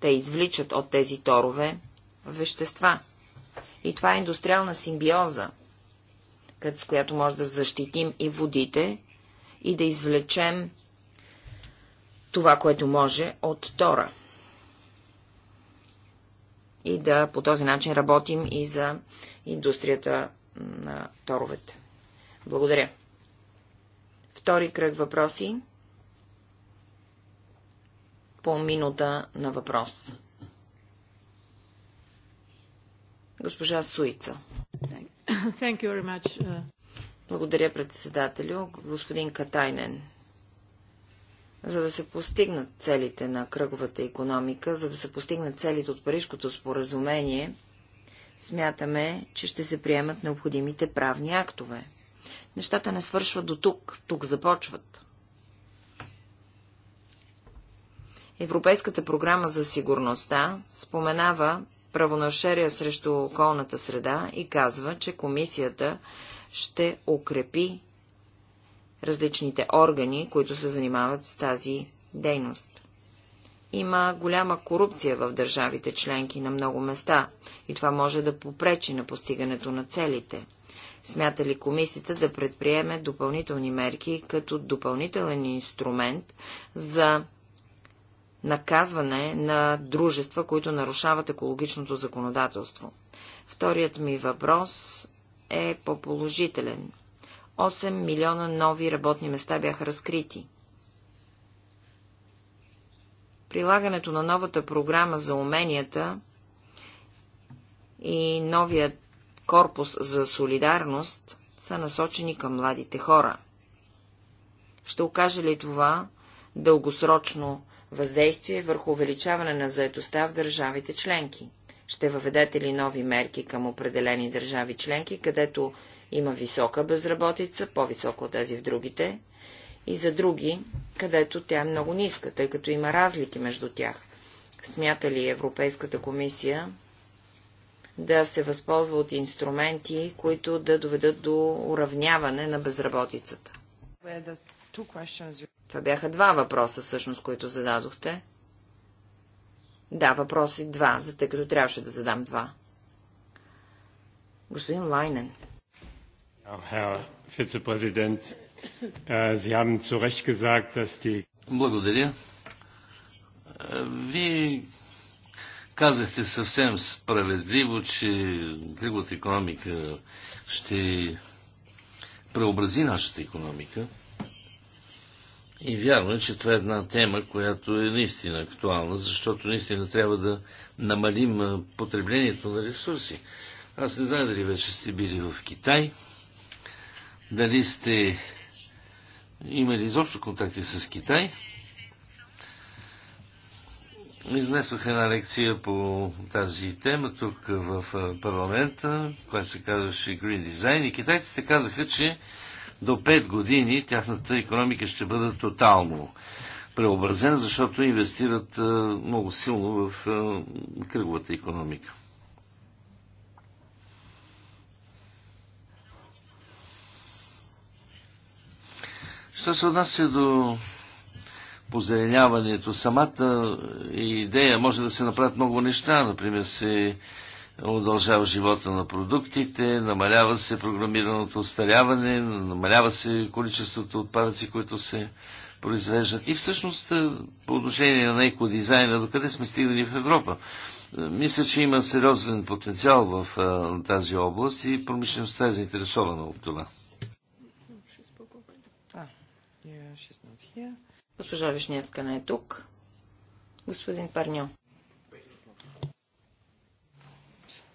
Те извличат от тези торове вещества. И това е индустриална симбиоза – с която може да защитим и водите и да извлечем това, което може от Тора. И да по този начин работим и за индустрията на торовете. Благодаря. Втори кръг въпроси по минута на въпрос. Госпожа Суица. Uh, Благодаря, председателю. Господин Катайнен, за да се постигнат целите на кръговата економика, за да се постигнат целите от Парижкото споразумение, смятаме, че ще се приемат необходимите правни актове. Нещата не свършват до тук, тук започват. Европейската програма за сигурността споменава Правонашерия срещу околната среда и казва, че комисията ще укрепи различните органи, които се занимават с тази дейност. Има голяма корупция в държавите членки на много места и това може да попречи на постигането на целите. Смята ли комисията да предприеме допълнителни мерки като допълнителен инструмент за наказване на дружества, които нарушават екологичното законодателство. Вторият ми въпрос е по-положителен. 8 милиона нови работни места бяха разкрити. Прилагането на новата програма за уменията и новият корпус за солидарност са насочени към младите хора. Ще окаже ли това дългосрочно въздействие върху увеличаване на заетостта в държавите членки? Ще въведете ли нови мерки към определени държави членки, където има висока безработица, по-висока от тази в другите, и за други, където тя е много ниска, тъй като има разлики между тях? Смята ли Европейската комисия да се възползва от инструменти, които да доведат до уравняване на безработицата? Това бяха два въпроса, всъщност, които зададохте. Да, въпроси два, за тъй като трябваше да задам два. Господин Лайнен. Äh, Благодаря. Вие казахте съвсем справедливо, че кръглата економика ще преобрази нашата економика. И вярно е, че това е една тема, която е наистина актуална, защото наистина трябва да намалим потреблението на ресурси. Аз не знам дали вече сте били в Китай, дали сте имали изобщо контакти с Китай. Изнесох една лекция по тази тема тук в парламента, която се казваше Green Design и китайците казаха, че до 5 години тяхната економика ще бъде тотално преобразена, защото инвестират е, много силно в е, кръговата економика. Що се отнася до позеленяването, самата идея може да се направят много неща. Например, се удължава живота на продуктите, намалява се програмираното остаряване, намалява се количеството отпадъци, които се произвеждат. И всъщност е, по отношение на екодизайна, докъде сме стигнали в Европа? Е, мисля, че има сериозен потенциал в е, тази област и промишлеността е заинтересована от това. Госпожа Вишневска не е тук. Господин Парньо.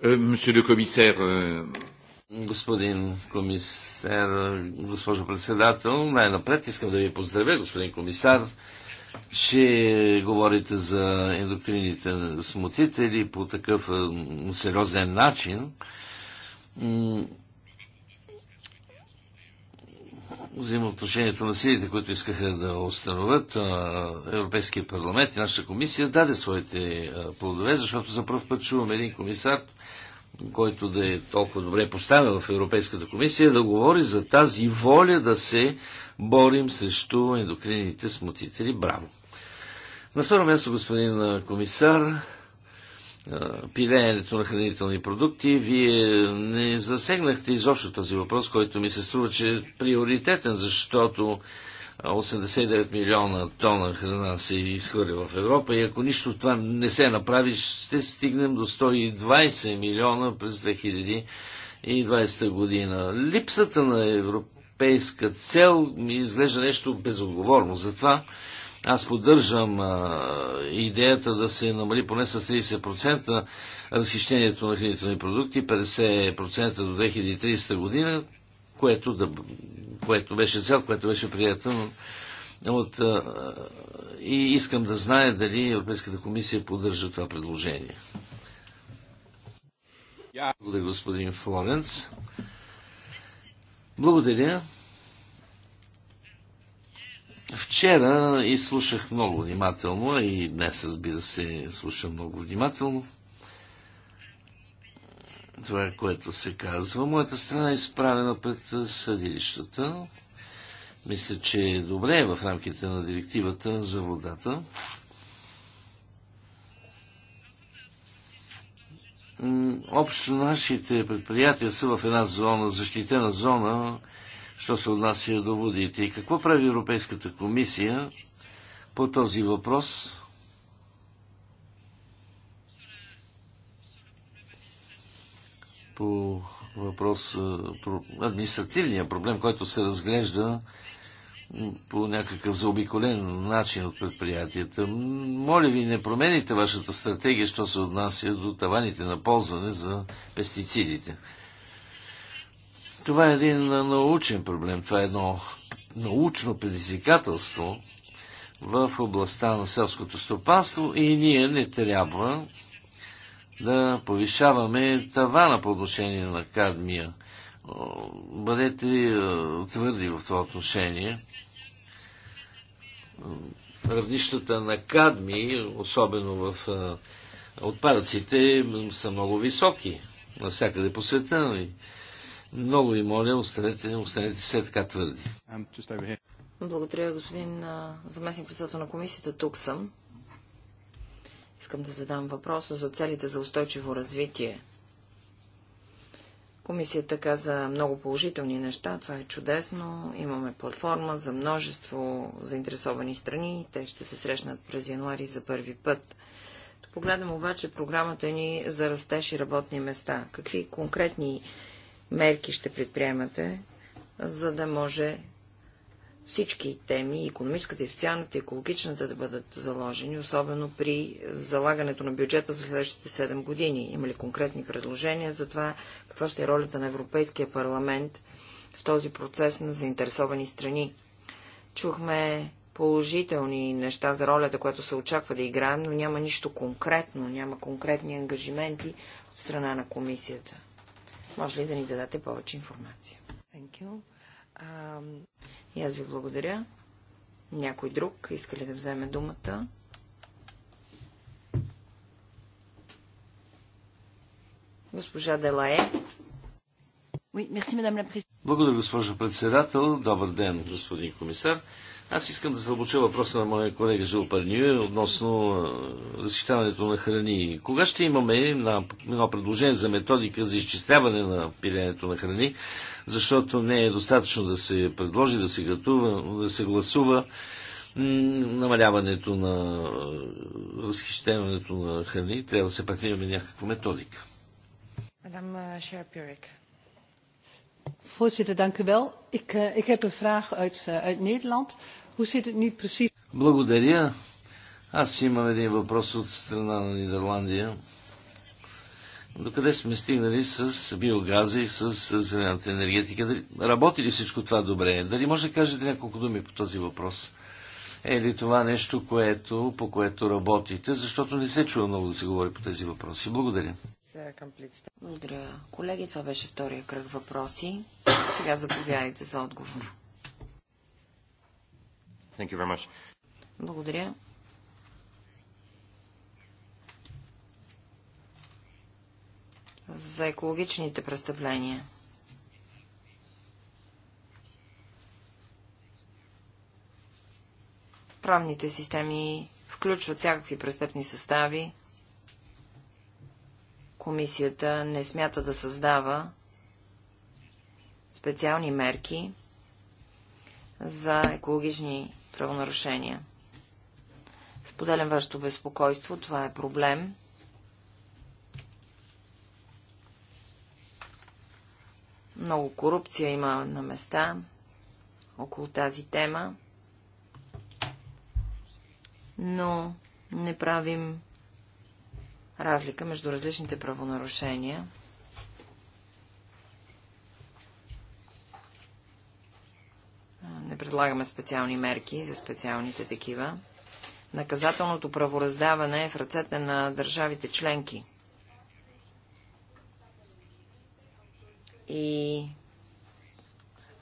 Euh, monsieur le commissaire, euh, Господин комисар, госпожо председател, най-напред искам да ви поздравя, господин комисар, че говорите за ендокрините смутители по такъв е, сериозен начин. Взаимоотношението на силите, които искаха да установят Европейския парламент и нашата комисия, даде своите плодове, защото за първ път чувам един комисар, който да е толкова добре поставен в Европейската комисия, да говори за тази воля да се борим срещу ендокрините смутители. Браво! На второ място, господин комисар, пилеенето на хранителни продукти. Вие не засегнахте изобщо този въпрос, който ми се струва, че е приоритетен, защото 89 милиона тона храна се изхвърли в Европа и ако нищо това не се направи, ще стигнем до 120 милиона през 2020 година. Липсата на европейска цел ми изглежда нещо безотговорно. Затова аз поддържам а, идеята да се намали поне с 30% разхищението на хранителни продукти, 50% до 2030 година, което да което беше цел, което беше прията, но от, и искам да знае дали Европейската комисия поддържа това предложение. Благодаря, господин Флоренц. Благодаря. Вчера изслушах много внимателно и днес, разбира се, слушам много внимателно това е което се казва. Моята страна е изправена пред съдилищата. Мисля, че е добре е в рамките на директивата за водата. Общо нашите предприятия са в една зона, защитена зона, що се отнася до водите. И какво прави Европейската комисия по този въпрос? по въпрос административния проблем, който се разглежда по някакъв заобиколен начин от предприятията. Моля ви, не промените вашата стратегия, що се отнася до таваните на ползване за пестицидите. Това е един научен проблем, това е едно научно предизвикателство в областта на селското стопанство и ние не трябва да повишаваме тавана по отношение на кадмия. Бъдете е, твърди в това отношение. Равнищата на кадми, особено в е, отпадъците, са много високи навсякъде по света. Нали? Много ви моля, останете, останете все така твърди. Благодаря, господин е, заместник председател на комисията. Тук съм. Искам да задам въпроса за целите за устойчиво развитие. Комисията каза много положителни неща, това е чудесно. Имаме платформа за множество заинтересовани страни, те ще се срещнат през януари за първи път. Погледам обаче програмата ни за растеж и работни места. Какви конкретни мерки ще предприемате, за да може всички теми, економическата и социалната и екологичната да бъдат заложени, особено при залагането на бюджета за следващите 7 години? Има ли конкретни предложения за това, каква ще е ролята на Европейския парламент в този процес на заинтересовани страни? Чухме положителни неща за ролята, която се очаква да играем, но няма нищо конкретно, няма конкретни ангажименти от страна на комисията. Може ли да ни дадете повече информация? Thank you. А, и аз ви благодаря. Някой друг иска ли да вземе думата? Госпожа Делае. Благодаря, госпожо председател. Добър ден, господин комисар. Аз искам да задълбоча въпроса на моя колега Жил Парнио относно разчитаването на храни. Кога ще имаме едно предложение за методика за изчисляване на пиленето на храни, защото не е достатъчно да се предложи, да се, гратува, да се гласува намаляването на разхищението е, на храни. Трябва да се предприеме някаква методика. Мадам е, Шерпюрик. Voorzitter, dank u wel. Ik, eh, ik heb een vraag uit, eh, uit Nederland. Hoe zit het nu precies? Благодаря. Аз имам един въпрос от страна на Нидерландия. Докъде сме стигнали с биогаза и с зелената енергетика? Дали, работи ли всичко това добре? Дали може да кажете няколко думи по този въпрос? Е ли това нещо, което, по което работите? Защото не се чува много да се говори по тези въпроси. Благодаря. Благодаря. Колеги, това беше втория кръг въпроси. Сега заповядайте за отговор. Благодаря. за екологичните престъпления. Правните системи включват всякакви престъпни състави. Комисията не смята да създава специални мерки за екологични правонарушения. Споделям вашето безпокойство, това е проблем, Много корупция има на места около тази тема, но не правим разлика между различните правонарушения. Не предлагаме специални мерки за специалните такива. Наказателното правораздаване е в ръцете на държавите членки – И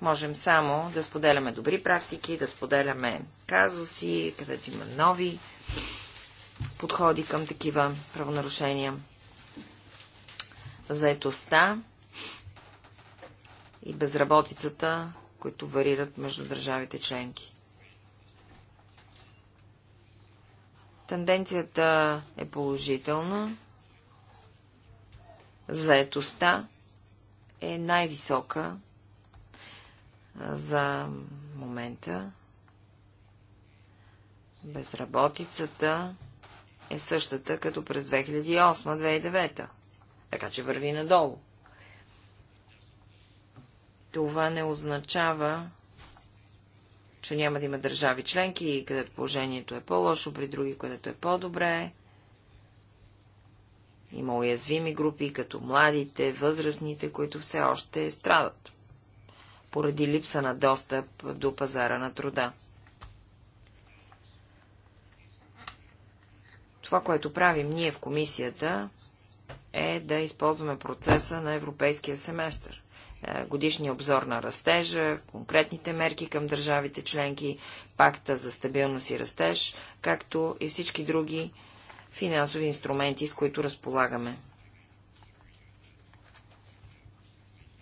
можем само да споделяме добри практики, да споделяме казуси, където има нови подходи към такива правонарушения. Заетостта и безработицата, които варират между държавите членки. Тенденцията е положителна. Заетостта е най-висока за момента. Безработицата е същата като през 2008-2009. Така че върви надолу. Това не означава, че няма да има държави членки, където положението е по-лошо, при други, където е по-добре. Има уязвими групи, като младите, възрастните, които все още страдат поради липса на достъп до пазара на труда. Това, което правим ние в комисията, е да използваме процеса на европейския семестър. Е, годишния обзор на растежа, конкретните мерки към държавите членки, пакта за стабилност и растеж, както и всички други финансови инструменти, с които разполагаме.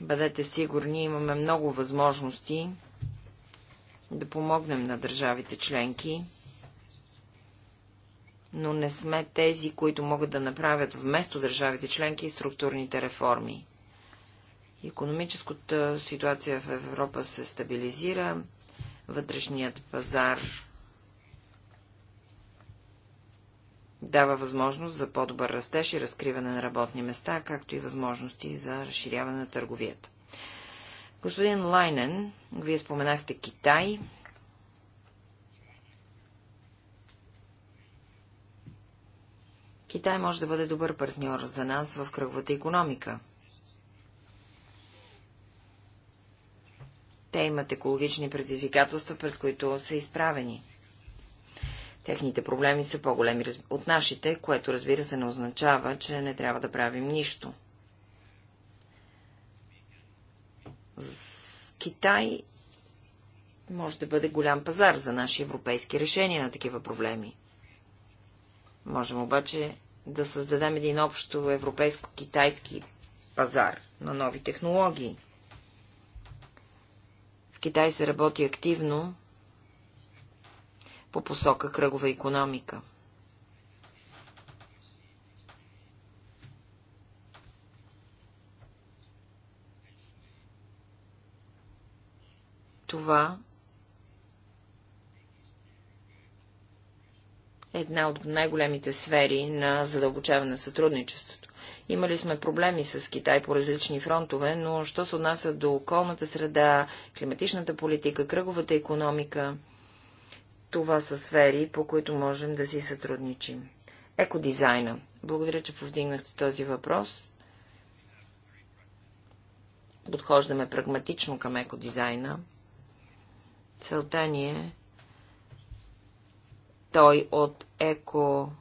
Бъдете сигурни, имаме много възможности да помогнем на държавите членки, но не сме тези, които могат да направят вместо държавите членки структурните реформи. Економическата ситуация в Европа се стабилизира, вътрешният пазар дава възможност за по-добър растеж и разкриване на работни места, както и възможности за разширяване на търговията. Господин Лайнен, вие споменахте Китай. Китай може да бъде добър партньор за нас в кръговата економика. Те имат екологични предизвикателства, пред които са изправени. Техните проблеми са по-големи от нашите, което разбира се не означава, че не трябва да правим нищо. С Китай може да бъде голям пазар за наши европейски решения на такива проблеми. Можем обаче да създадем един общо европейско-китайски пазар на нови технологии. В Китай се работи активно по посока кръгова економика. Това е една от най-големите сфери на задълбочаване на сътрудничеството. Имали сме проблеми с Китай по различни фронтове, но що се отнася до околната среда, климатичната политика, кръговата економика, това са сфери, по които можем да си сътрудничим. Екодизайна. Благодаря, че повдигнахте този въпрос. Подхождаме прагматично към екодизайна. Целта ни е той от еко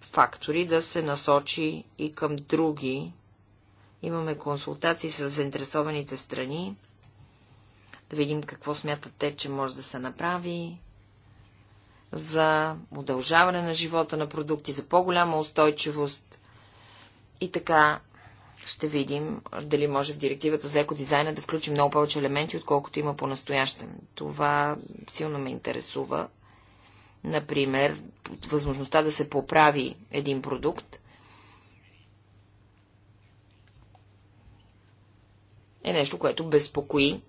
фактори да се насочи и към други. Имаме консултации с заинтересованите страни да видим какво смятат те, че може да се направи за удължаване на живота на продукти, за по-голяма устойчивост. И така ще видим дали може в директивата за екодизайна да включим много повече елементи, отколкото има по-настоящем. Това силно ме интересува. Например, възможността да се поправи един продукт е нещо, което безпокои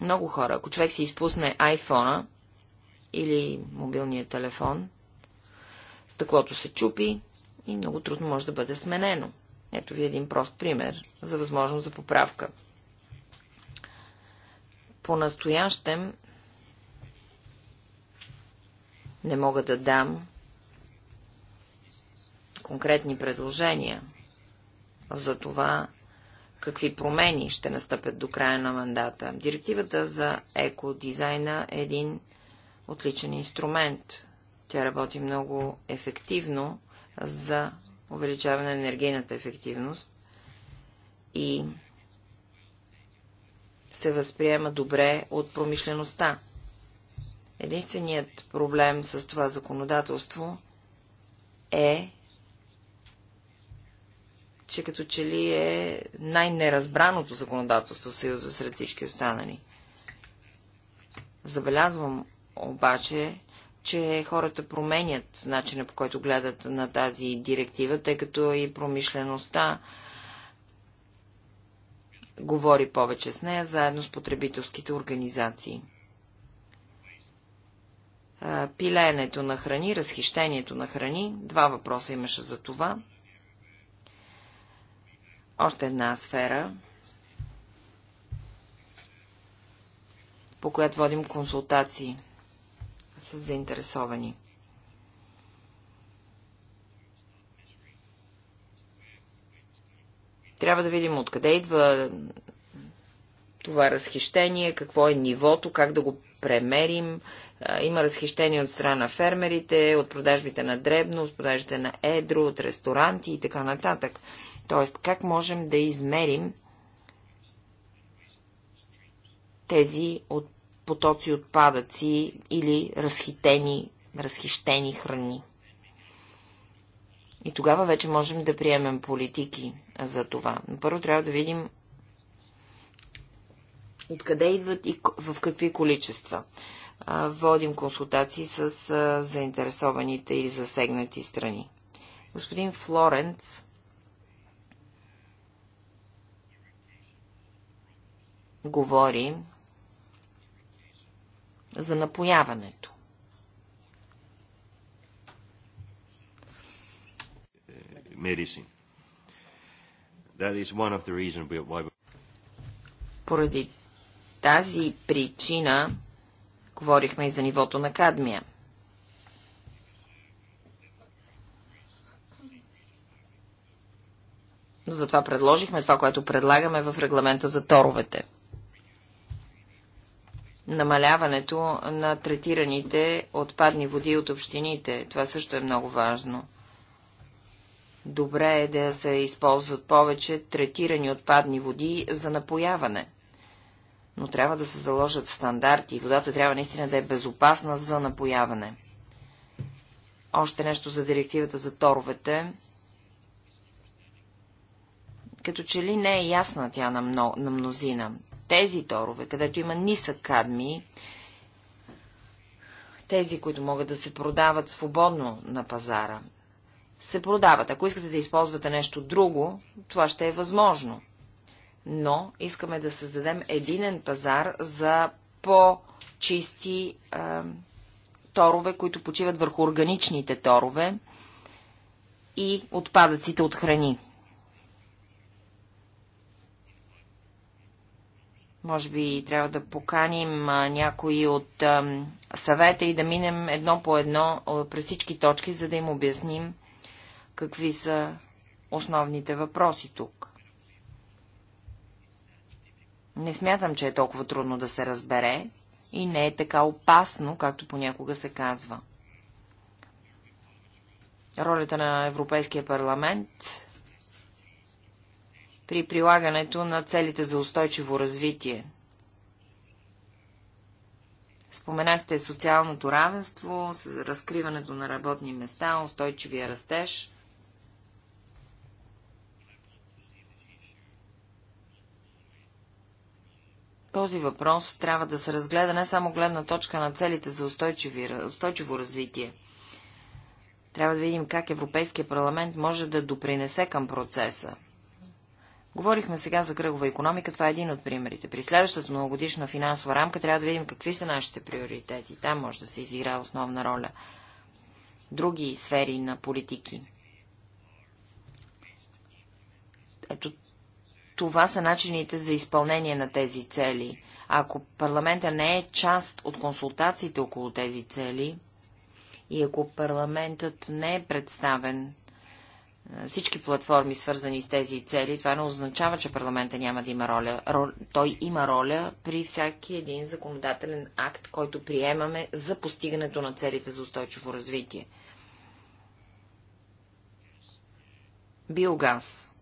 много хора, ако човек си изпусне айфона или мобилния телефон, стъклото се чупи и много трудно може да бъде сменено. Ето ви един прост пример за възможност за поправка. По-настоящем не мога да дам конкретни предложения за това какви промени ще настъпят до края на мандата. Директивата за екодизайна е един отличен инструмент. Тя работи много ефективно за увеличаване на енергийната ефективност и се възприема добре от промишлеността. Единственият проблем с това законодателство е, че като че ли е най-неразбраното законодателство в Съюза сред всички останали. Забелязвам обаче, че хората променят начина по който гледат на тази директива, тъй като и промишлеността говори повече с нея, заедно с потребителските организации. Пиленето на храни, разхищението на храни, два въпроса имаше за това – още една сфера, по която водим консултации с заинтересовани. Трябва да видим откъде идва това разхищение, какво е нивото, как да го премерим. Има разхищение от страна на фермерите, от продажбите на дребно, от продажбите на едро, от ресторанти и така нататък. Тоест, как можем да измерим тези от потоци отпадъци или разхитени, разхищени храни. И тогава вече можем да приемем политики за това. Но първо трябва да видим откъде идват и в какви количества. Водим консултации с заинтересованите и засегнати страни. Господин Флоренц говори за напояването. Поради тази причина говорихме и за нивото на кадмия. Затова предложихме това, което предлагаме в регламента за торовете – намаляването на третираните отпадни води от общините. Това също е много важно. Добре е да се използват повече третирани отпадни води за напояване. Но трябва да се заложат стандарти и водата трябва наистина да е безопасна за напояване. Още нещо за директивата за торовете. Като че ли не е ясна тя на, мно, на мнозина тези торове, където има нисък кадми, тези, които могат да се продават свободно на пазара, се продават. Ако искате да използвате нещо друго, това ще е възможно. Но искаме да създадем единен пазар за по-чисти е, торове, които почиват върху органичните торове и отпадъците от храни. Може би трябва да поканим някои от съвета и да минем едно по едно през всички точки, за да им обясним какви са основните въпроси тук. Не смятам, че е толкова трудно да се разбере и не е така опасно, както понякога се казва. Ролята на Европейския парламент при прилагането на целите за устойчиво развитие. Споменахте социалното равенство, разкриването на работни места, устойчивия растеж. Този въпрос трябва да се разгледа не само гледна точка на целите за устойчиво развитие. Трябва да видим как Европейския парламент може да допринесе към процеса. Говорихме сега за кръгова економика, това е един от примерите. При следващата многогодишна финансова рамка трябва да видим какви са нашите приоритети. Там може да се изиграе основна роля. Други сфери на политики. Ето това са начините за изпълнение на тези цели. Ако парламента не е част от консултациите около тези цели и ако парламентът не е представен всички платформи, свързани с тези цели, това не означава, че парламента няма да има роля. Той има роля при всяки един законодателен акт, който приемаме за постигането на целите за устойчиво развитие. Биогаз.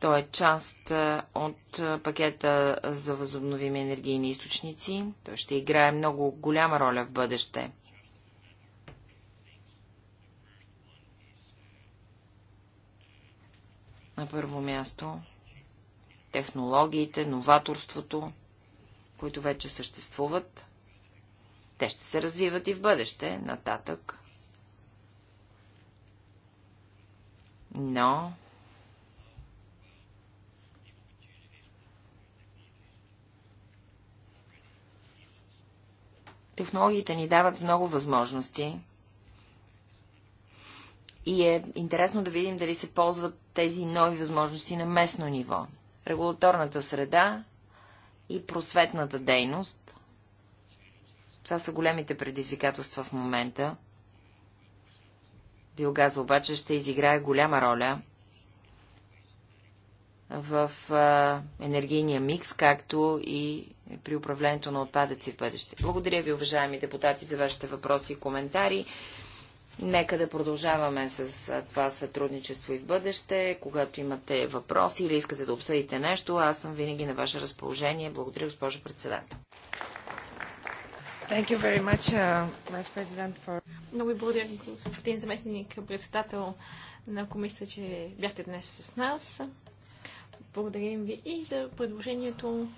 Той е част от пакета за възобновими енергийни източници. Той ще играе много голяма роля в бъдеще – На първо място технологиите, новаторството, които вече съществуват. Те ще се развиват и в бъдеще, нататък. Но Технологиите ни дават много възможности, и е интересно да видим дали се ползват тези нови възможности на местно ниво. Регулаторната среда и просветната дейност. Това са големите предизвикателства в момента. Биогаза обаче ще изиграе голяма роля в енергийния микс, както и при управлението на отпадъци в бъдеще. Благодаря ви, уважаеми депутати, за вашите въпроси и коментари. Нека да продължаваме с това сътрудничество и в бъдеще. Когато имате въпроси или искате да обсъдите нещо, аз съм винаги на ваше разположение. Благодаря, госпожо председател. Thank you very much, uh, for... Много ви благодаря, господин заместник председател на комисията, че бяхте днес с нас. Благодарим ви и за предложението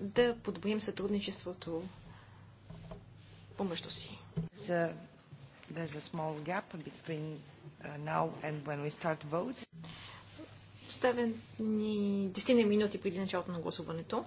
да подобрим сътрудничеството помежду си. За there's a small gap between uh, now and when we start votes. Ставят ни 10 минути преди началото на гласуването.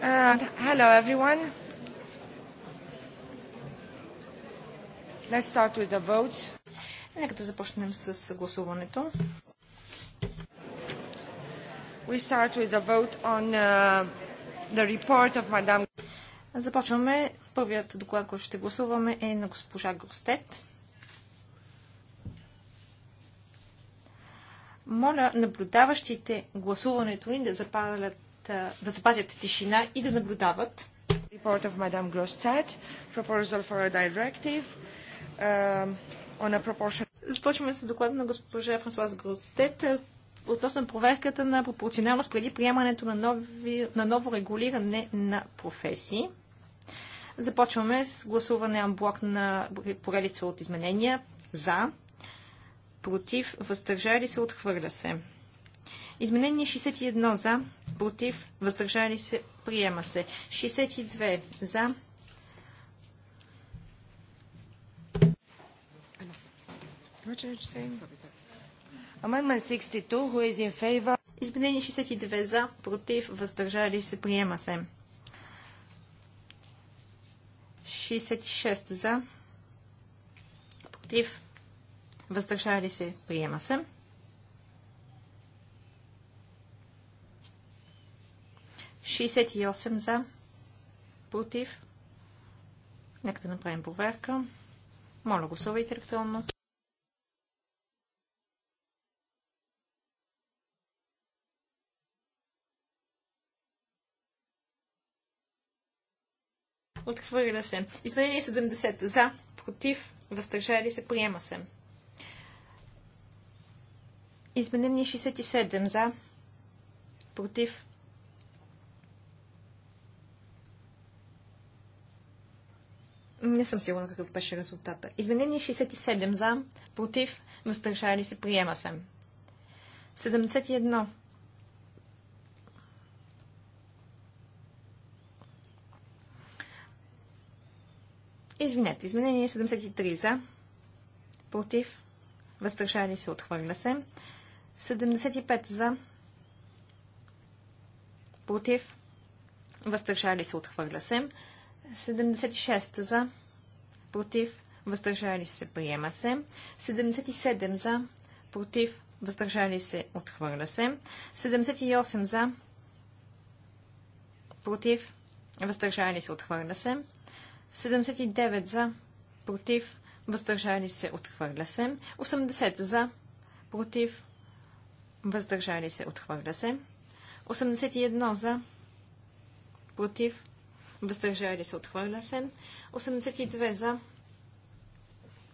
And uh, hello, everyone. Let's start with the votes. Нека да започнем с гласуването. We start with the vote on uh, the report of Madame. Започваме. Първият доклад, който ще гласуваме е на госпожа Гростет. Моля наблюдаващите гласуването ни да запалят да запазят тишина и да наблюдават. Report of Madame Grostat, proposal for a directive uh, on a proportion... Започваме с доклада на госпожа Франсуаз Гростет относно проверката на пропорционалност преди приемането на, нови, на ново регулиране на професии. Започваме с гласуване блок на поредица от изменения. За, против, въздържали се, отхвърля се. Изменение 61 за, против, въздържали се, приема се. 62 за. Изменение 62 за, против, въздържали се, приема се. 66 за, против, въздържали се, приема се. 68 за, против. Нека да направим проверка. Моля, гласувайте електронно. Отхвърля се. Изменение 70 за, против, въздържали се, приема се. Изменение 67 за, против, Не съм сигурна какъв беше резултата. Изменение 67 за, против, въздържали се, приема се. 71. Извинете, изменение 73 за, против, въздържали се, отхвърля се. 75 за, против, въздържали се, отхвърля се. 76 за, против, въздържали се, приема се. 77 за, против, въздържали се, отхвърля се. 78 за, против, въздържали се, отхвърля се. 79 за, против, въздържали се, отхвърля се. 80 за, против, въздържали се, отхвърля се. 81 за, против, въздържали се, отхвърля се. 82 за,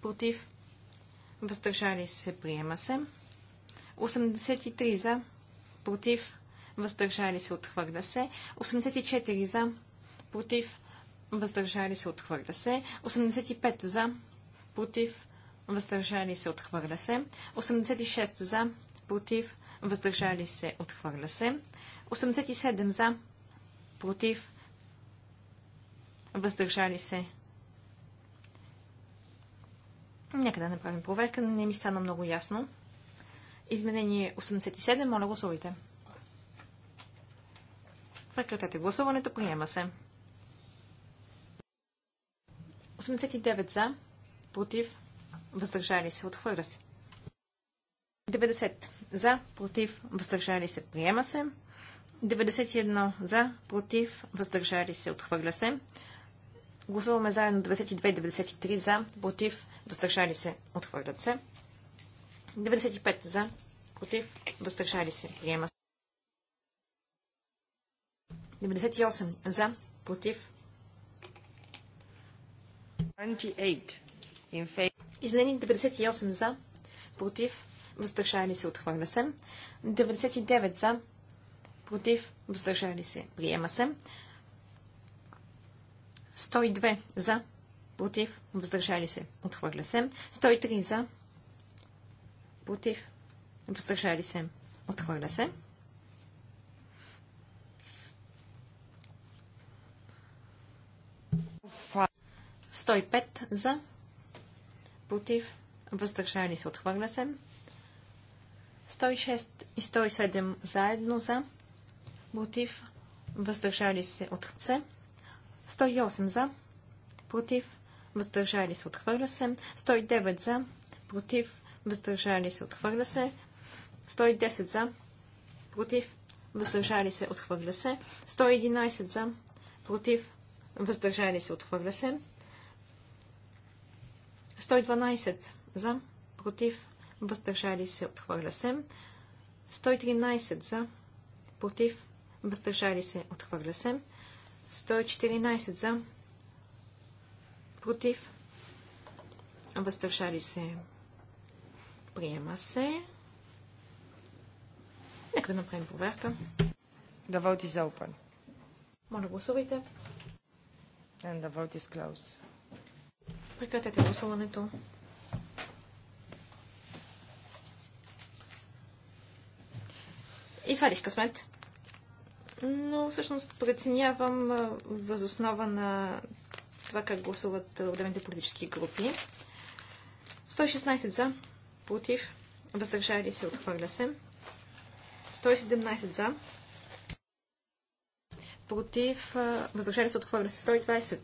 против, въздържали се, приема се. 83 за, против, въздържали се, отхвърля се. 84 за, против, въздържали се, отхвърля се. 85 за, против, въздържали се, отхвърля се. 86 за, против, въздържали се, отхвърля се. 87 за, против, въздържали се. Нека да направим проверка, но не ми стана много ясно. Изменение 87, моля гласувайте. Прекратете гласуването, приема се. 89 за, против, въздържали се, отхвърля се. 90 за, против, въздържали се, приема се. 91 за, против, въздържали се, отхвърля се. Гласуваме заедно 92 и 93 за, против, въздържали се, отхвърлят се. 95 за, против, въздържали се, приема се. 98 за, против. Изменени 98 за, против, въздържали се, отхвърля се. 99 за, против, въздържали се, приема се. 102 за, против, въздържали се, отхвърля се. 103 за, против, въздържали се, отхвърля се. Стой пет за, против, въздържали се, отхвърля се. 106 и 107 заедно за, против, въздържали се, отхвърля се. 108 за, против, въздържали се, отхвърля се. 109 за, против, въздържали се, отхвърля се. 110 за, против, въздържали се, отхвърля се. 111 за, против, въздържали се, отхвърля се. 112 за, против, въздържали се, отхвърля се. 113 за, против, въздържали се, отхвърля се. 114 за. Против. Въздържали се. Приема се. Нека да направим проверка. Да vote за open. Моля, гласувайте. Да the с клаус. Прекратете гласуването. Извадих късмет но всъщност преценявам възоснова на това как гласуват отделните политически групи. 116 за, против, въздържали се, отхвърля се. 117 за, против, въздържали се, отхвърля се. 120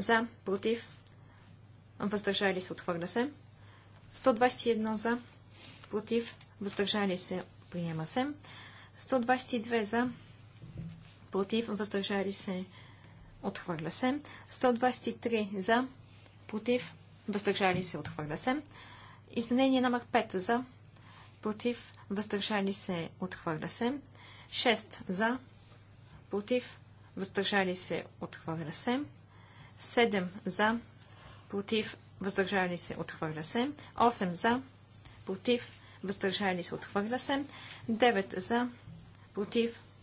за, против, въздържали се, отхвърля се. 121 за, против, въздържали се, приема се. 122 за, против, въздържали се, отхвърля се. 123 за, против, въздържали се, отхвърля се. Изменение номер 5 за, против, въздържали се, отхвърля се. 6 за, против, въздържали се, отхвърля се. 7 за, против, въздържали се, отхвърля се. 8 за, против, въздържали се, отхвърля се. 9 за, против,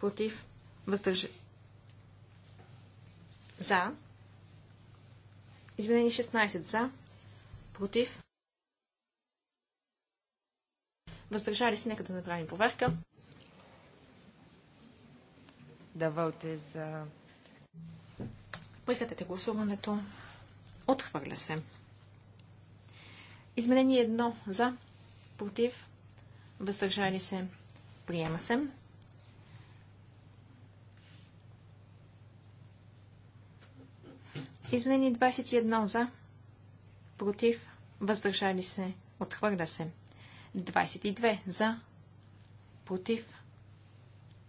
против, въздържа. За. Извинени 16 за, против. Въздържали си, нека да направим проверка. Давайте за... Uh, Прихатете гласуването. Отхвърля се. Изменение едно за, против, въздържали се, приема се. Изменени 21 за, против, въздържали се, отхвърля се. 22 за, против,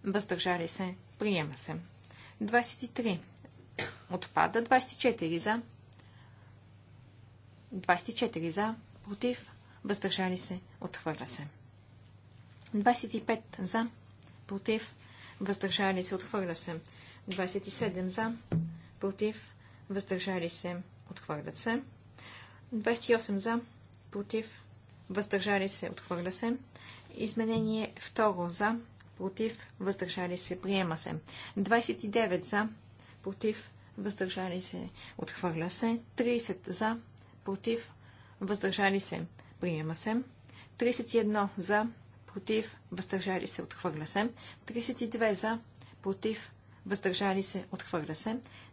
въздържали се, приема се. 23 отпада, 24 за, 24 за, против, въздържали се, отхвърля се. 25 за, против, въздържали се, отхвърля се. 27 за, против, въздържали се, отхвърлят се. 28 за, против, въздържали се, отхвърля се. Изменение 2 за, против, въздържали се, приема се. 29 за, против, въздържали се, отхвърля се. 30 за, против, въздържали се, приема се. 31 за, против, въздържали се, отхвърля се. 32 за, против, въздържали се, отхвърля се.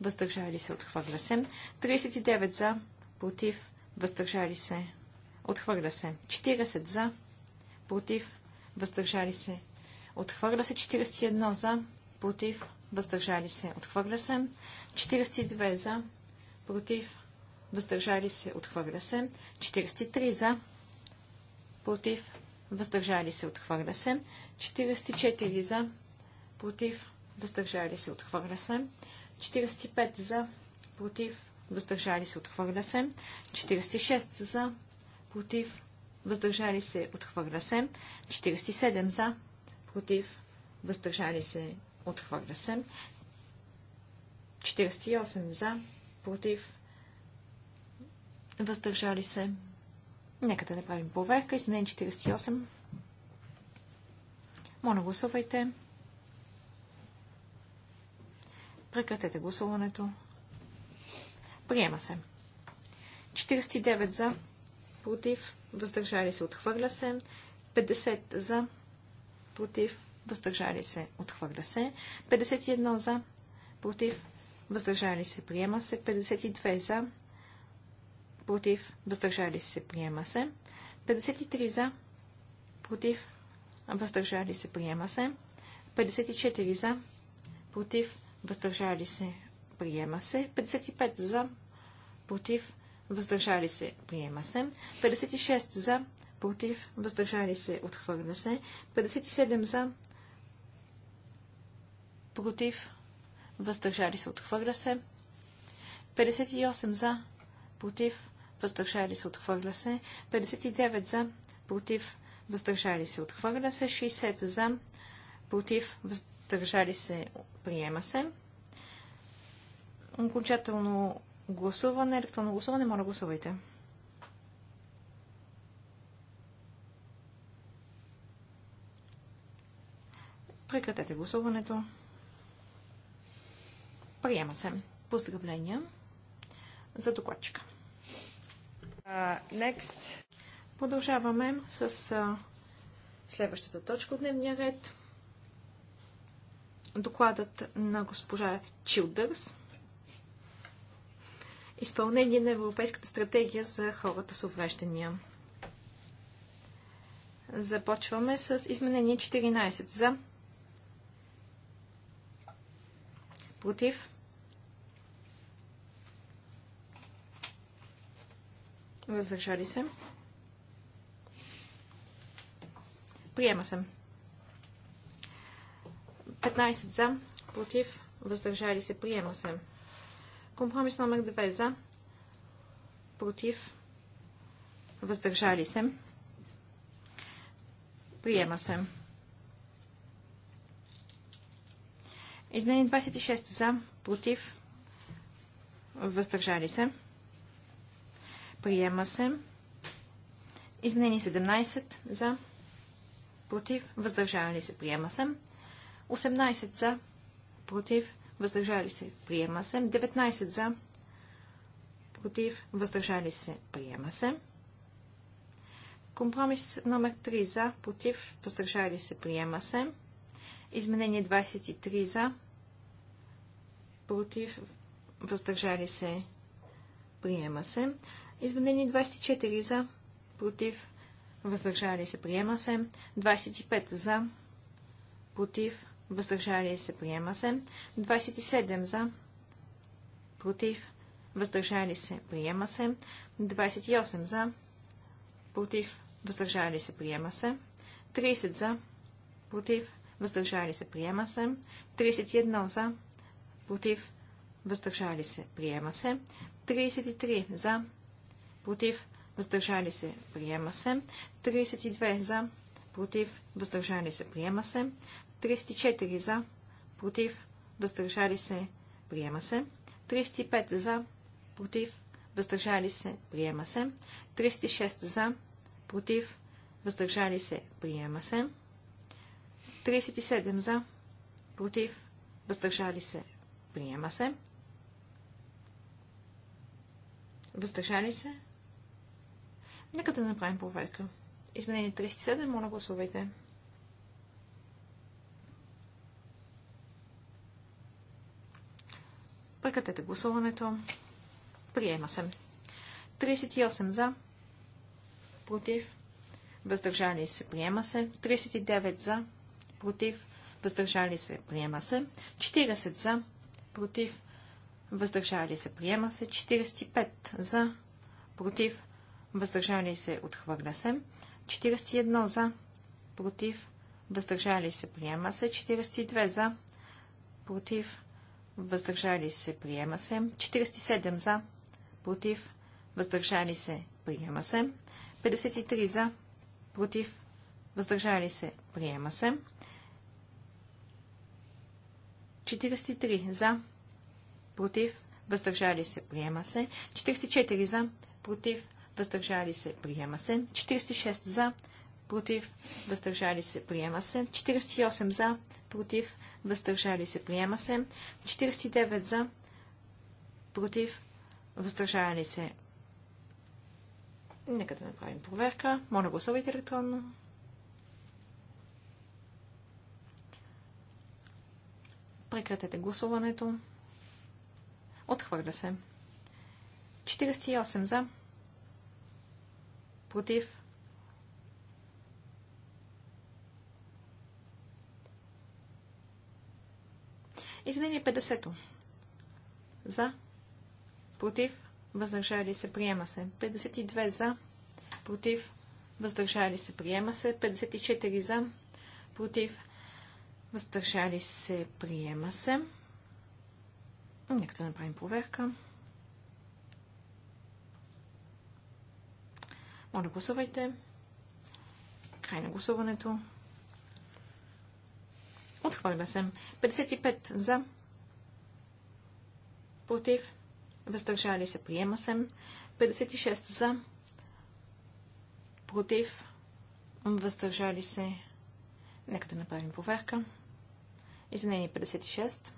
въздържали се, отхвърля се. 39 за, против, въздържали се, отхвърля се. 40 за, против, въздържали се, отхвърля се. 41 за, против, въздържали се, отхвърля се. 42 за, против, въздържали се, отхвърля се. 43 за, против, въздържали се, отхвърля се. 44 за, против, въздържали се, отхвърля се. 45 за, против, въздържали се, отхвърля се. 46 за, против, въздържали се, отхвърля се. 47 за, против, въздържали се, отхвърля се. 48 за, против, въздържали се. Нека да направим проверка. Изменение 48. Моля, гласувайте. Прекратете гласуването. Приема се. 49 за, против, въздържали се, отхвърля се. 50 за, против, въздържали се, отхвърля се. 51 за, против, въздържали се, приема се. 52 за, против, въздържали се, приема се. 53 за, против, въздържали се, приема се. 54 за, против, въздържали се, приема се. 55 за, против, въздържали се, приема се. 56 за, против, въздържали се, отхвърля се. 57 за, против, въздържали се, отхвърля се. 58 за, против, въздържали се, отхвърля се. 59 за, против, въздържали се, отхвърля се. 60 за, против, въздържали въздържали се, приема се. Окончателно гласуване, електронно гласуване, моля гласувайте. Прекратете гласуването. Приема се. Поздравления за докладчика. Uh, next. Продължаваме с uh, следващата точка от дневния ред докладът на госпожа Чилдърс изпълнение на Европейската стратегия за хората с увреждания. Започваме с изменение 14 за против въздържали се. Приема се. 15 за, против, въздържали се, приема се. Компромис номер 2 за, против, въздържали се, приема се. Измени 26 за, против, въздържали се, приема се. Изменени 17 за, против, въздържали се, приема се. 18 за, против, въздържали се, приема се. 19 за, против, въздържали се, приема се. Компромис номер 3 за, против, въздържали се, приема се. Изменение 23 за, против, въздържали се, приема се. Изменение 24 за, против, въздържали се, приема се. 25 за, против, въздържали се, приема се. 27 за, против, въздържали се, приема се. 28 за, против, въздържали се, приема се. 30 за, против, въздържали се, приема се. 31 за, против, въздържали се, приема се. 33 за, против, въздържали се, приема се. 32 за, против, въздържали се, приема се. 34 за, против, въздържали се, приема се. 35 за, против, въздържали се, приема се. 36 за, против, въздържали се, приема се. 37 за, против, въздържали се, приема се. Въздържали се? Нека да направим проверка. Изменение 37, моля гласувайте. Прекратете гласуването. Приема се. 38 за. Против. Въздържали се. Приема се. 39 за. Против. Въздържали се. Приема се. 40 за. Против. Въздържали се. Приема се. 45 за. Против. Въздържали се. Отхвърля се. 41 за. Против. Въздържали се. Приема се. 42 за. Против въздържали се, приема се. 47 за, против, въздържали се, приема се. 53 за, против, въздържали се, приема се. 43 за, против, въздържали се, приема се. 44 за, против, въздържали се, приема се. 46 за, против, въздържали се, приема се. 48 за, против, въздържали се, приема се. 49 за, против, въздържали се. Нека да направим проверка. Моля, гласувайте електронно. Прекратете гласуването. Отхвърля се. 48 за. Против. Извинение 50-то. За. Против. Въздържали се. Приема се. 52 за. Против. Въздържали се. Приема се. 54 за. Против. Въздържали се. Приема се. Нека да направим проверка. Моля, гласувайте. Край на гласуването. Отхвърля се. 55 за. Против. Въздържали се. Приема се. 56 за. Против. Въздържали се. Нека да направим проверка. Извинение 56.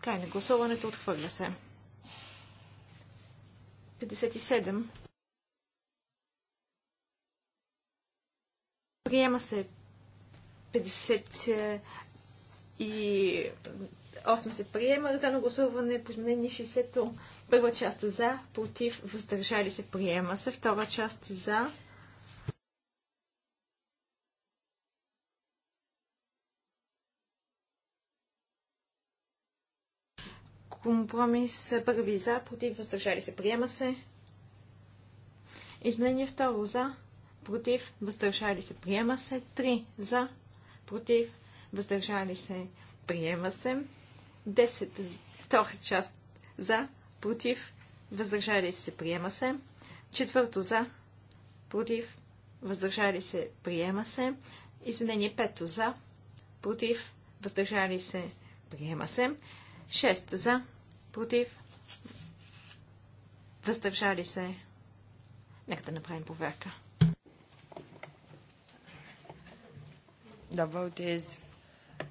Край на гласуването отхвърля се. 57. Приема се 50 и 8 се приема. Раздано гласуване по изменение 60 то Първа част за, против, въздържали се приема се. Втора част за, Компромис е, първи за, против, въздържали се, приема се. Изменение второ за, против, въздържали се, приема се. 3 за, против, въздържали се, приема се. 10 втора част за, против, въздържали се, приема се. Четвърто за, против, въздържали се, приема се. Изменение пето за, против, въздържали се, приема се. 6 за, против, въздържали се. Нека да направим проверка. The vote is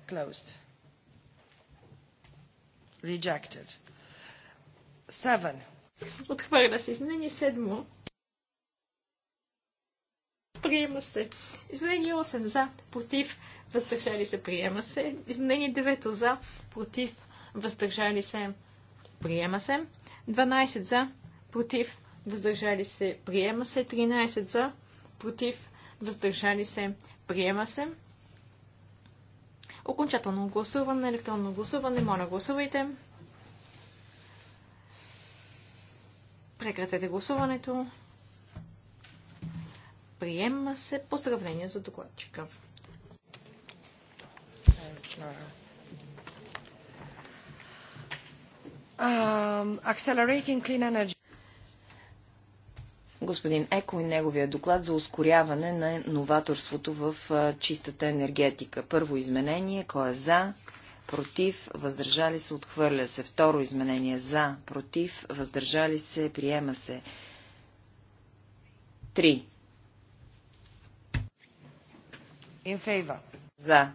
closed. Rejected. Seven. Отхвърля се. Изменение седмо. Приема се. Изменение 8 за, против, въздържали се. Приема се. Изменение 9 за, против, въздържали се приема се. 12 за, против, въздържали се, приема се. 13 за, против, въздържали се, приема се. Окончателно гласуване, електронно гласуване, моля гласувайте. Прекратете гласуването. Приема се поздравление за докладчика. Thank е, е. Господин Еко и неговия доклад за ускоряване на новаторството в чистата енергетика. Първо изменение, кой е за, против, въздържали се, отхвърля се. Второ изменение, за, против, въздържали се, приема се. Три. In favor. За.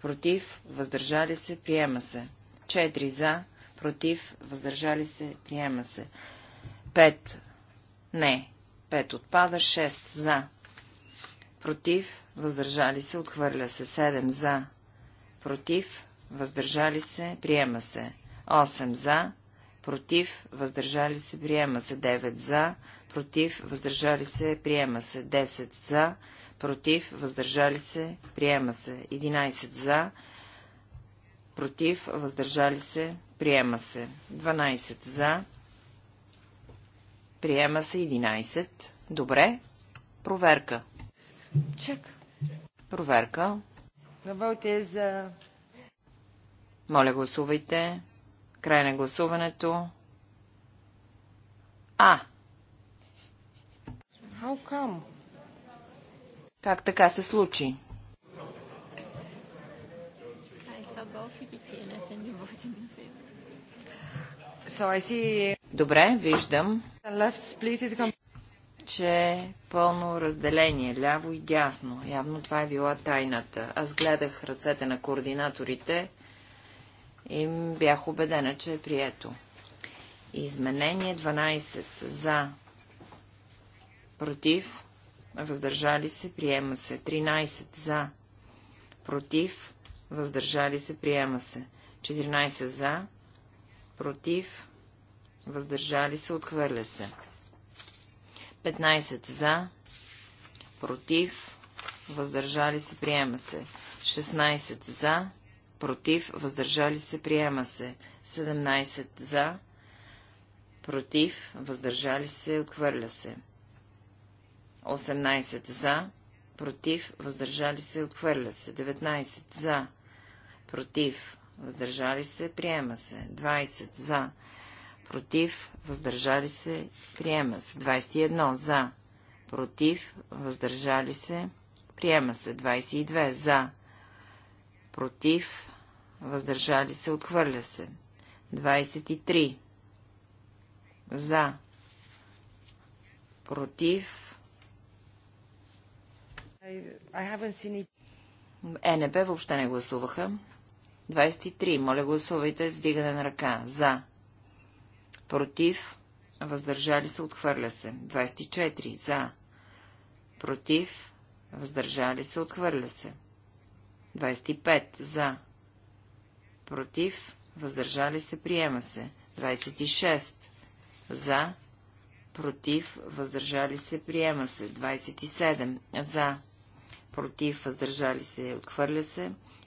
Против, въздържали се, приема се. Четири за, против, въздържали се, приема се. 5. Не. 5 отпада. 6 за. Против, въздържали се, отхвърля се. 7 за. Против, въздържали се, приема се. 8 за. Против, въздържали се, приема се. 9 за. Против, въздържали се, приема се. 10 за. Против, въздържали се, приема се. 11 за. Против, въздържали се, Приема се. 12 за. Приема се 11. Добре. Проверка. Чек. Проверка. е за... Моля, гласувайте. Край на гласуването. А. How come? Как така се случи? Добре, виждам, че е пълно разделение, ляво и дясно. Явно това е била тайната. Аз гледах ръцете на координаторите и бях убедена, че е прието. Изменение 12. За. Против. Въздържали се. Приема се. 13. За. Против. Въздържали се. Приема се. 14. За против, въздържали се, отхвърля се. 15 за, против, въздържали се, приема се. 16 за, против, въздържали се, приема се. 17 за, против, въздържали се, отхвърля се. 18 за, против, въздържали се, отхвърля се. 19 за, против, въздържали се, приема се. 20 за, против, въздържали се, приема се. 21 за, против, въздържали се, приема се. 22 за, против, въздържали се, отхвърля се. 23 за, против, ЕНБ въобще не гласуваха. 23. Моля гласувайте с дигане на ръка. За. Против. Въздържали се. Отхвърля се. 24. За. Против. Въздържали се. Отхвърля се. 25. За. Против. Въздържали се. Приема се. 26. За. Против. Въздържали се. Приема се. 27. За. Против. Въздържали се. Отхвърля се.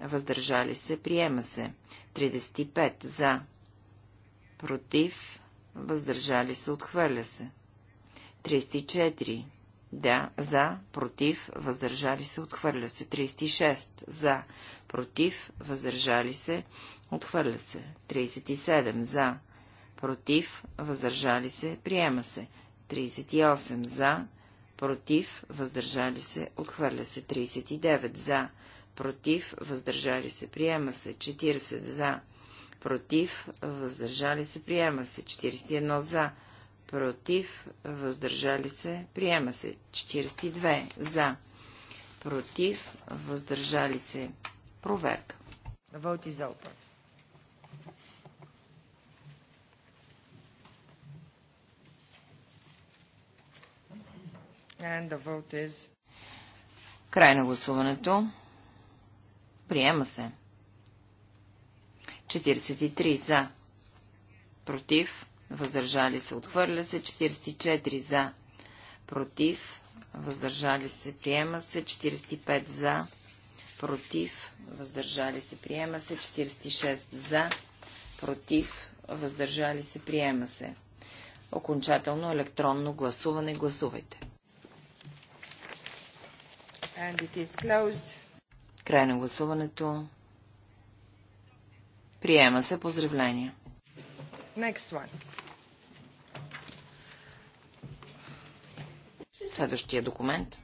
въздържали се, приема се. 35 за, против, въздържали се, отхвърля се. 34 да, за, против, въздържали се, отхвърля се. 36 за, против, въздържали се, отхвърля се. 37 за, против, въздържали се, приема се. 38 за, против, въздържали се, отхвърля се. 39 за, против, въздържали се, приема се. 40 за, против, въздържали се, приема се. 41 за, против, въздържали се, приема се. 42 за, против, въздържали се. Проверка. Вълти за опър. And the vote is... Край на гласуването. Приема се. 43 за. Против. Въздържали се. Отхвърля се. 44 за. Против. Въздържали се. Приема се. 45 за. Против. Въздържали се. Приема се. 46 за. Против. Въздържали се. Приема се. Окончателно електронно гласуване. Гласувайте. And it is closed. Край на гласуването. Приема се. Поздравления. Next one. Следващия документ.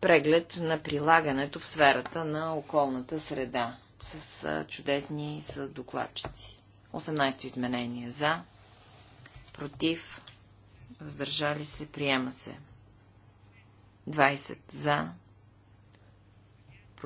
Преглед на прилагането в сферата на околната среда с чудесни докладчици. 18-то изменение за, против, въздържали се, приема се. 20 за,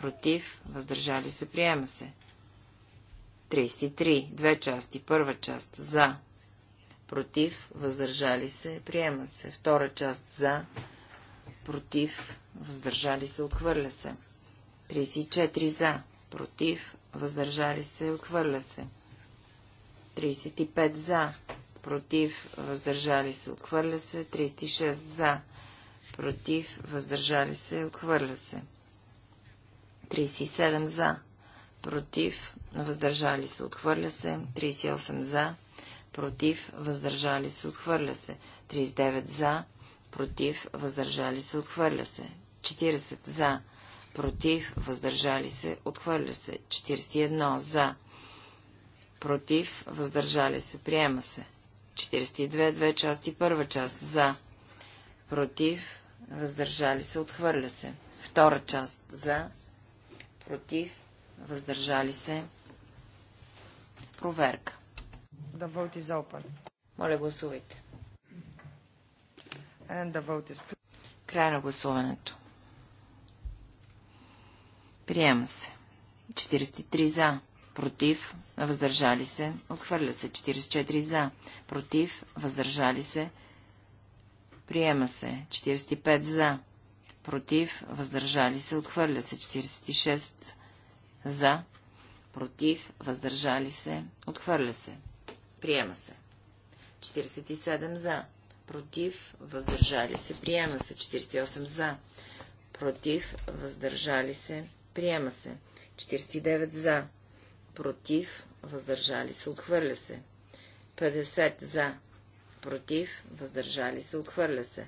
против, въздържали се, приема се. 33. Две части. Първа част за, против, въздържали се, приема се. Втора част за, против, въздържали се, отхвърля се. 34 за, против, въздържали се, отхвърля се. 35 за, против, въздържали се, отхвърля се. 36 за, против, въздържали се, отхвърля се. 37 за, против, въздържали се, отхвърля се, 38 за, против, въздържали се, отхвърля се, 39 за, против, въздържали се, отхвърля се, 40 за, против, въздържали се, отхвърля се, 41 за, против, въздържали се, приема се, 42, две части, първа част, за, против, въздържали се, отхвърля се, втора част, за, против, въздържали се. Проверка. Да вълти за опън. Моля, гласувайте. Да вълти is... Край на гласуването. Приема се. 43 за. Против. Въздържали се. Отхвърля се. 44 за. Против. Въздържали се. Приема се. 45 за против, въздържали се, отхвърля се. 46 за, против, въздържали се, отхвърля се. Приема се. 47 за, против, въздържали се, приема се. 48 за, против, въздържали се, приема се. 49 за, против, въздържали се, отхвърля се. 50 за, против, въздържали се, отхвърля се.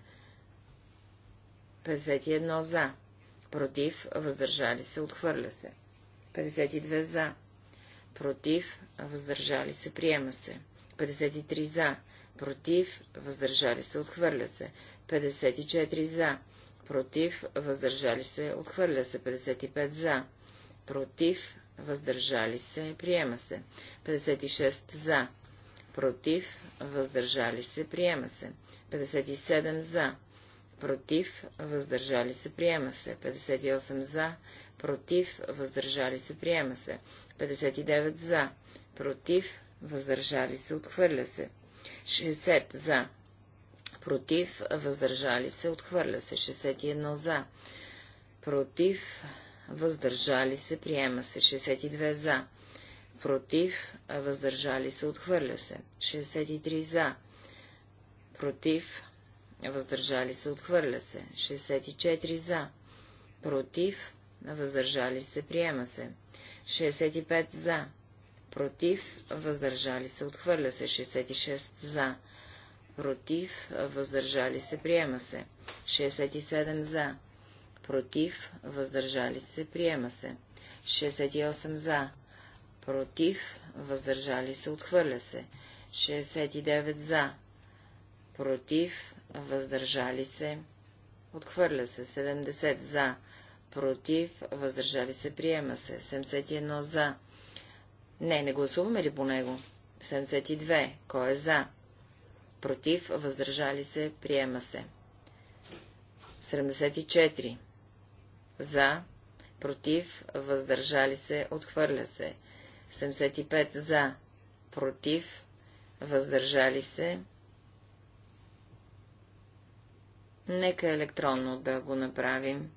51 за. Против. Въздържали се. Отхвърля се. 52 за. Против. Въздържали се. Приема се. 53 за. Против. Въздържали се. Отхвърля се. 54 за. Против. Въздържали се. Отхвърля се. 55 за. Против. Въздържали се. Приема се. 56 за. Против. Въздържали се. Приема се. 57 за против, въздържали се, приема се. 58 за, против, въздържали се, приема се. 59 за, против, въздържали се, отхвърля се. 60 за, против, въздържали се, отхвърля се. 61 за, против, въздържали се, приема се. 62 за, против, въздържали се, отхвърля се. 63 за, против, въздържали се, отхвърля се. 64 за, против, въздържали се, приема се. 65 за, против, въздържали се, отхвърля се. 66 за, против, въздържали се, приема се. 67 за, против, въздържали се, приема се. 68 за, против, въздържали се, отхвърля се. 69 за, против, въздържали се, отхвърля се, 70 за, против, въздържали се, приема се, 71 за. Не, не гласуваме ли по него? 72. Кой е за? Против, въздържали се, приема се. 74. За, против, въздържали се, отхвърля се. 75 за, против, въздържали се, Нека електронно да го направим.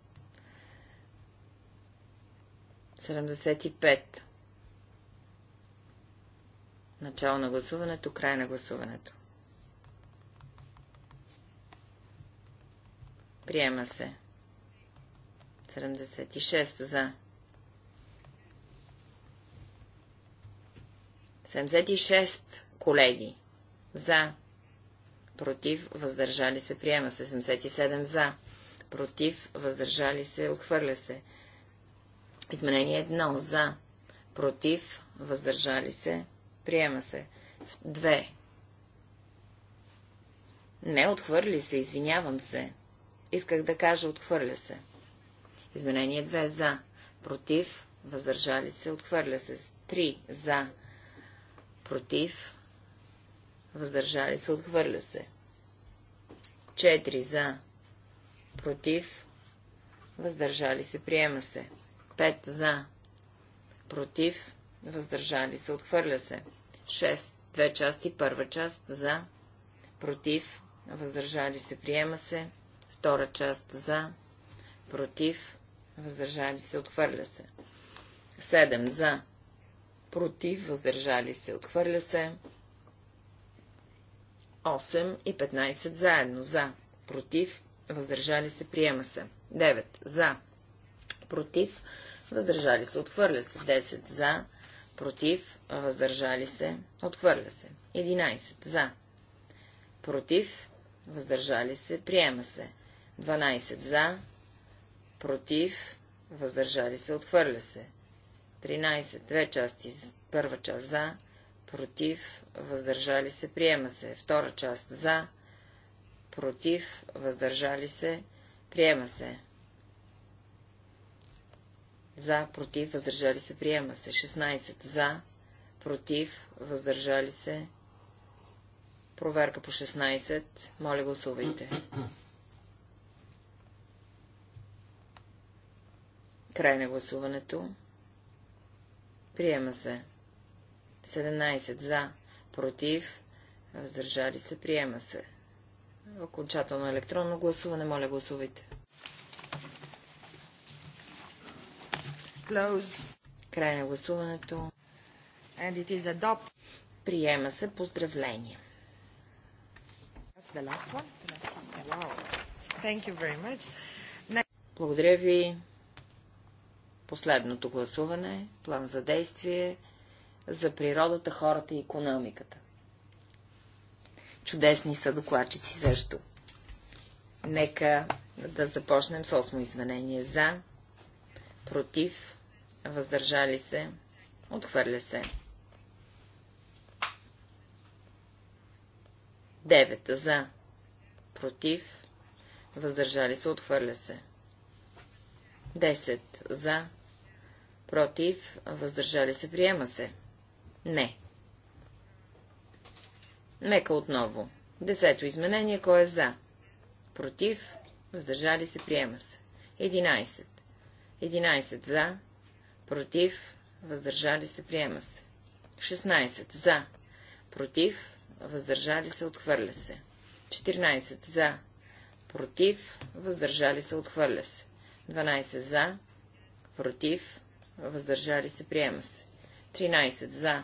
75. Начало на гласуването, край на гласуването. Приема се. 76 за. 76 колеги. За против, въздържали се, приема се. 77 за, против, въздържали се, отхвърля се. Изменение 1 за, против, въздържали се, приема се. 2. Не отхвърли се, извинявам се. Исках да кажа отхвърля се. Изменение 2 за, против, въздържали се, отхвърля се. 3 за, против, въздържали се, отхвърля се. 4 за, против, въздържали се, приема се. 5 за, против, въздържали се, отхвърля се. 6. Две части, първа част за, против, въздържали се, приема се. Втора част за, против, въздържали се, отхвърля се. 7 за, против, въздържали се, отхвърля се. 8 и 15 заедно. За. Против. Въздържали се. Приема се. 9. За. Против. Въздържали се. Отхвърля се. 10. За. Против. Въздържали се. Отхвърля се. 11. За. Против. Въздържали се. Приема се. 12. За. Против. Въздържали се. Отхвърля се. 13. Две части. Първа част за против, въздържали се, приема се. Втора част за, против, въздържали се, приема се. За, против, въздържали се, приема се. 16. За, против, въздържали се. Проверка по 16. Моля, гласувайте. Край на гласуването. Приема се. 17 за, против, въздържали се, приема се. Окончателно електронно гласуване, моля гласувайте. Close. Край на гласуването. And it is adopt. Приема се поздравление. That's the last one? The last one. Wow. Thank you very much. Благодаря ви. Последното гласуване, план за действие за природата, хората и економиката. Чудесни са докладчици също. Нека да започнем с осмо изменение. За, против, въздържали се, отхвърля се. 9. За, против, въздържали се, отхвърля се. 10. За, против, въздържали се, приема се. Не. Нека отново. Десето изменение, кой е за? Против, въздържали се, приема се. 11. 11 за, против, въздържали се, приема се. 16 за, против, въздържали се, отхвърля се. 14 за, против, въздържали се, отхвърля се. 12 за, против, въздържали се, приема се. 13 за,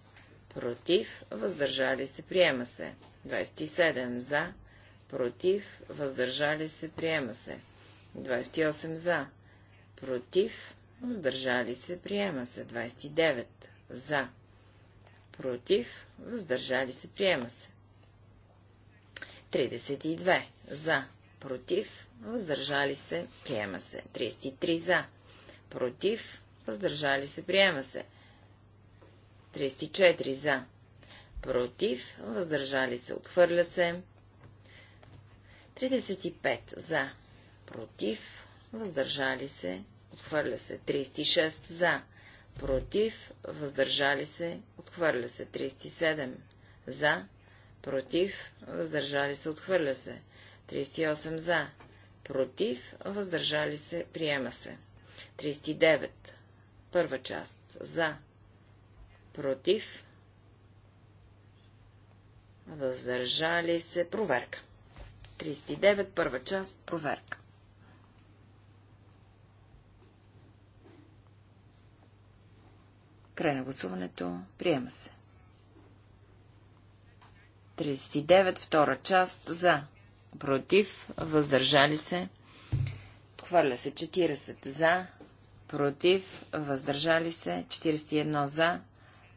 против, въздържали се, приема се. 27 за, против, въздържали се, приема се. 28 за, против, въздържали се, приема се. 29 за, против, въздържали се, приема се. 32 за, против, въздържали се, приема се. 33 за, против, въздържали се, приема се. 34 за. Против. Въздържали се. Отхвърля се. 35 за. Против. Въздържали се. Отхвърля се. 36 за. Против. Въздържали се. Отхвърля се. 37 за. Против. Въздържали се. Отхвърля се. 38 за. Против. Въздържали се. Приема се. 39. Първа част. За против, въздържали се, проверка. 39, първа част, проверка. Край на гласуването. Приема се. 39, втора част, за, против, въздържали се. Отхвърля се 40 за, против, въздържали се, 41 за,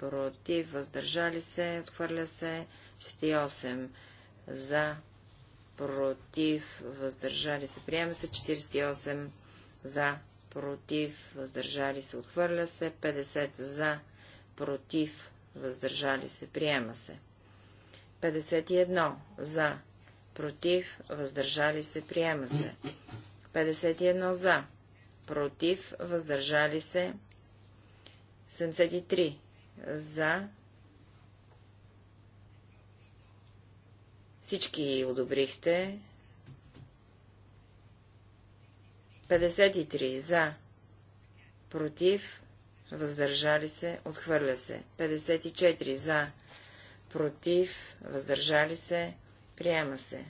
против, въздържали се, отхвърля се, 48 за, против, въздържали се, приема се, 48 за, против, въздържали се, отхвърля се, 50 за, против, въздържали се, приема се. 51 за, против, въздържали се, приема се. 51 за, против, въздържали се, 73 за. Всички одобрихте. 53 за. Против. Въздържали се. Отхвърля се. 54 за. Против. Въздържали се. Приема се.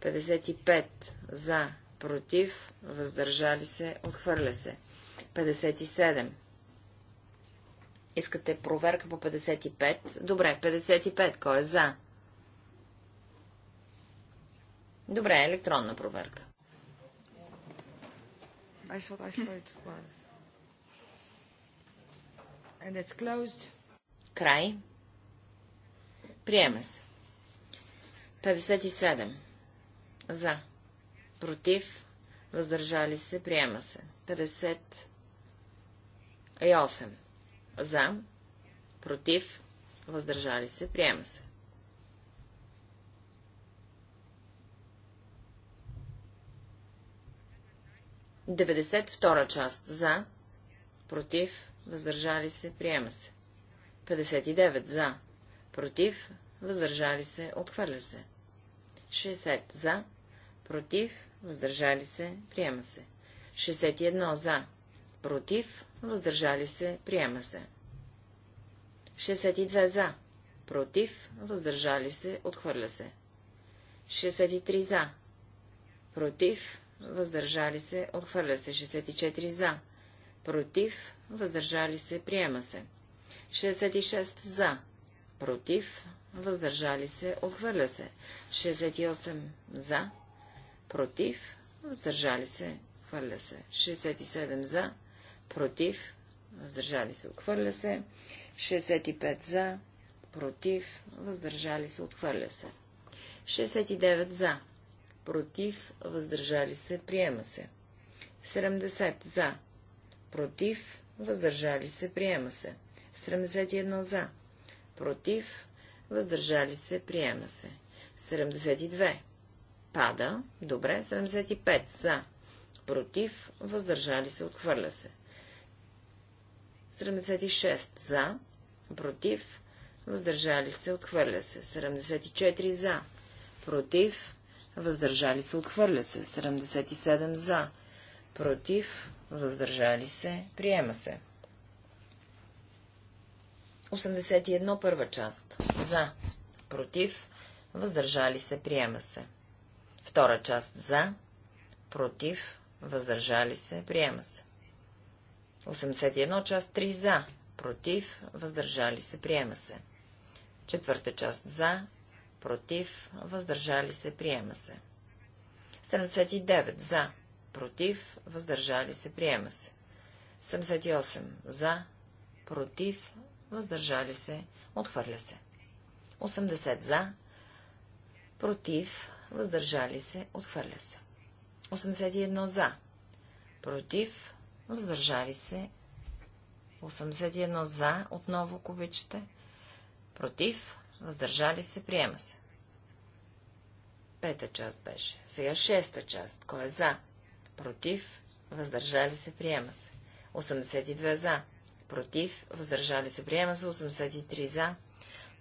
55 за. Против. Въздържали се. Отхвърля се. 57 Искате проверка по 55? Добре, 55. Кой е за? Добре, електронна проверка. I thought I saw it one. And it's closed. Край. Приема се. 57. За. Против. Въздържали се. Приема се. 58. За. Против. Въздържали се. Приема се. Деведесет втора част. За. Против. Въздържали се. Приема се. 59. За. Против. Въздържали се. Отхвърля се. 60. За. Против. Въздържали се. Приема се. 61. За. Против въздържали се, приема се. 62 за, против, въздържали се, отхвърля се. 63 за, против, въздържали се, отхвърля се. 64 за, против, въздържали се, приема се. 66 за, против, въздържали се, отхвърля се. 68 за, против, въздържали се, хвърля се. 67 за, против, въздържали се, отхвърля се. 65 за, против, въздържали се, отхвърля се. 69 за, против, въздържали се, приема се. 70 за, против, въздържали се, приема се. 71 за, против, въздържали се, приема се. 72 пада, добре, 75 за, против, въздържали се, отхвърля се. 73 76 за, против, въздържали се, отхвърля се. 74 за, против, въздържали се, отхвърля се. 77 за, против, въздържали се, приема се. 81 първа част. За. Против. Въздържали се. Приема се. Втора част. За. Против. Въздържали се. Приема се. 81 част 3 за, против, въздържали се, приема се. Четвърта част за, против, въздържали се, приема се. 79 за, против, въздържали се, приема се. 78 за, против, въздържали се, отхвърля се. 80 за, против, въздържали се, отхвърля се. 81 за, против, въздържали се 81 за, отново кубичите, против, въздържали се, приема се. Пета част беше. Сега шеста част. Кой е за? Против, въздържали се, приема се. 82 за, против, въздържали се, приема се. 83 за,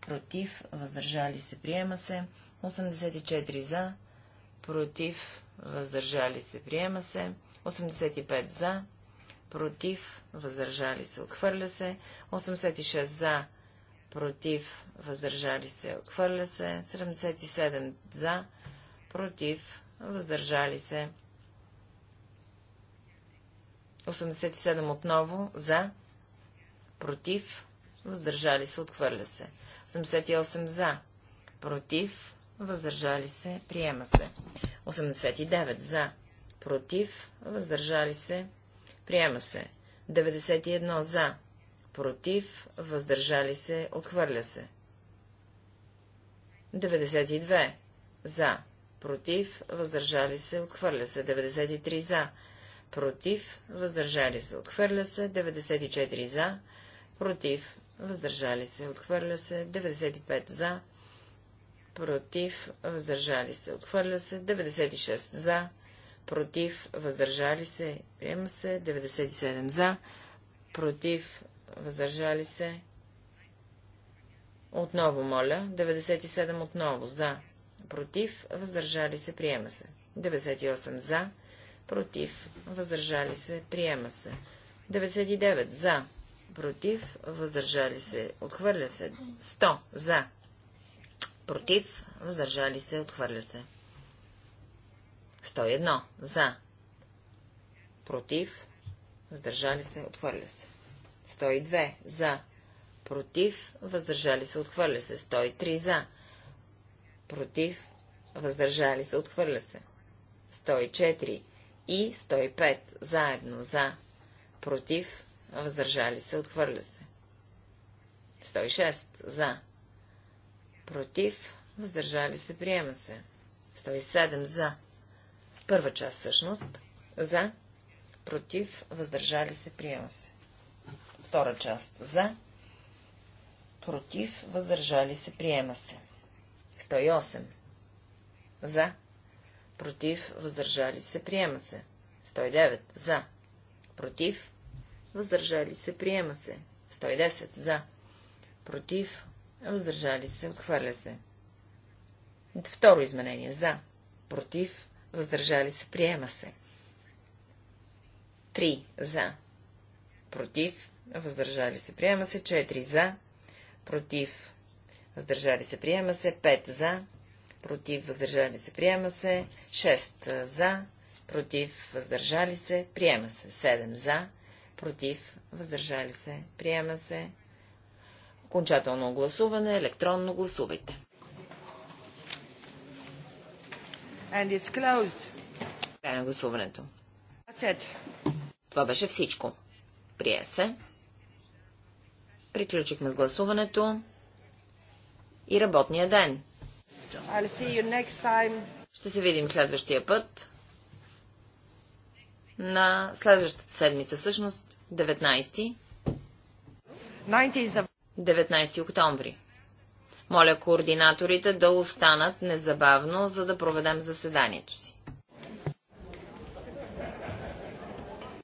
против, въздържали се, приема се. 84 за, против, въздържали се, приема се. 85 за, против, въздържали се, отхвърля се. 86 за, против, въздържали се, отхвърля се. 77 за, против, въздържали се. 87 отново за, против, въздържали се, отхвърля се. 88 за, против, въздържали се, приема се. 89 за, против, въздържали се, Приема се. 91 за. Против. Въздържали се. Отхвърля се. 92 за. Против. Въздържали се. Отхвърля се. 93 за. Против. Въздържали се. Отхвърля се. 94 за. Против. Въздържали се. Отхвърля се. 95 за. Против. Въздържали се. Отхвърля се. 96 за против, въздържали се, приема се, 97 за, против, въздържали се, отново моля, 97 отново за, против, въздържали се, приема се, 98 за, против, въздържали се, приема се, 99 за, против, въздържали се, отхвърля се, 100 за, против, въздържали се, отхвърля се. 101. За. Против. Въздържали се. Отхвърля се. 102. За. Против. Въздържали се. Отхвърля се. 103. За. Против. Въздържали се. Отхвърля се. 104 и 105. Заедно. За. Против. Въздържали се. Отхвърля се. 106. За. Против. Въздържали се. Приема се. 107. За Първа част всъщност. За, против, въздържали се, приема се. Втора част. За, против, въздържали се, приема се. 108. За, против, въздържали се, приема се. 109. За, против, въздържали се, приема се. 110. За, против, въздържали се, отхвърля се. Второ изменение. За, против, въздържали се, приема се. 3 за, против, въздържали се, приема се. 4 за, против, въздържали се, приема се. 5 за, против, въздържали се, приема се. 6 за, против, въздържали се, приема се. 7 за, против, въздържали се, приема се. Окончателно гласуване, електронно гласувайте. And it's closed. Край на гласуването. That's it. Това беше всичко. Прие се. Приключихме с гласуването и работния ден. Ще се видим следващия път. На следващата седмица, всъщност, 19. 19 октомври. Моля координаторите да останат незабавно, за да проведем заседанието си.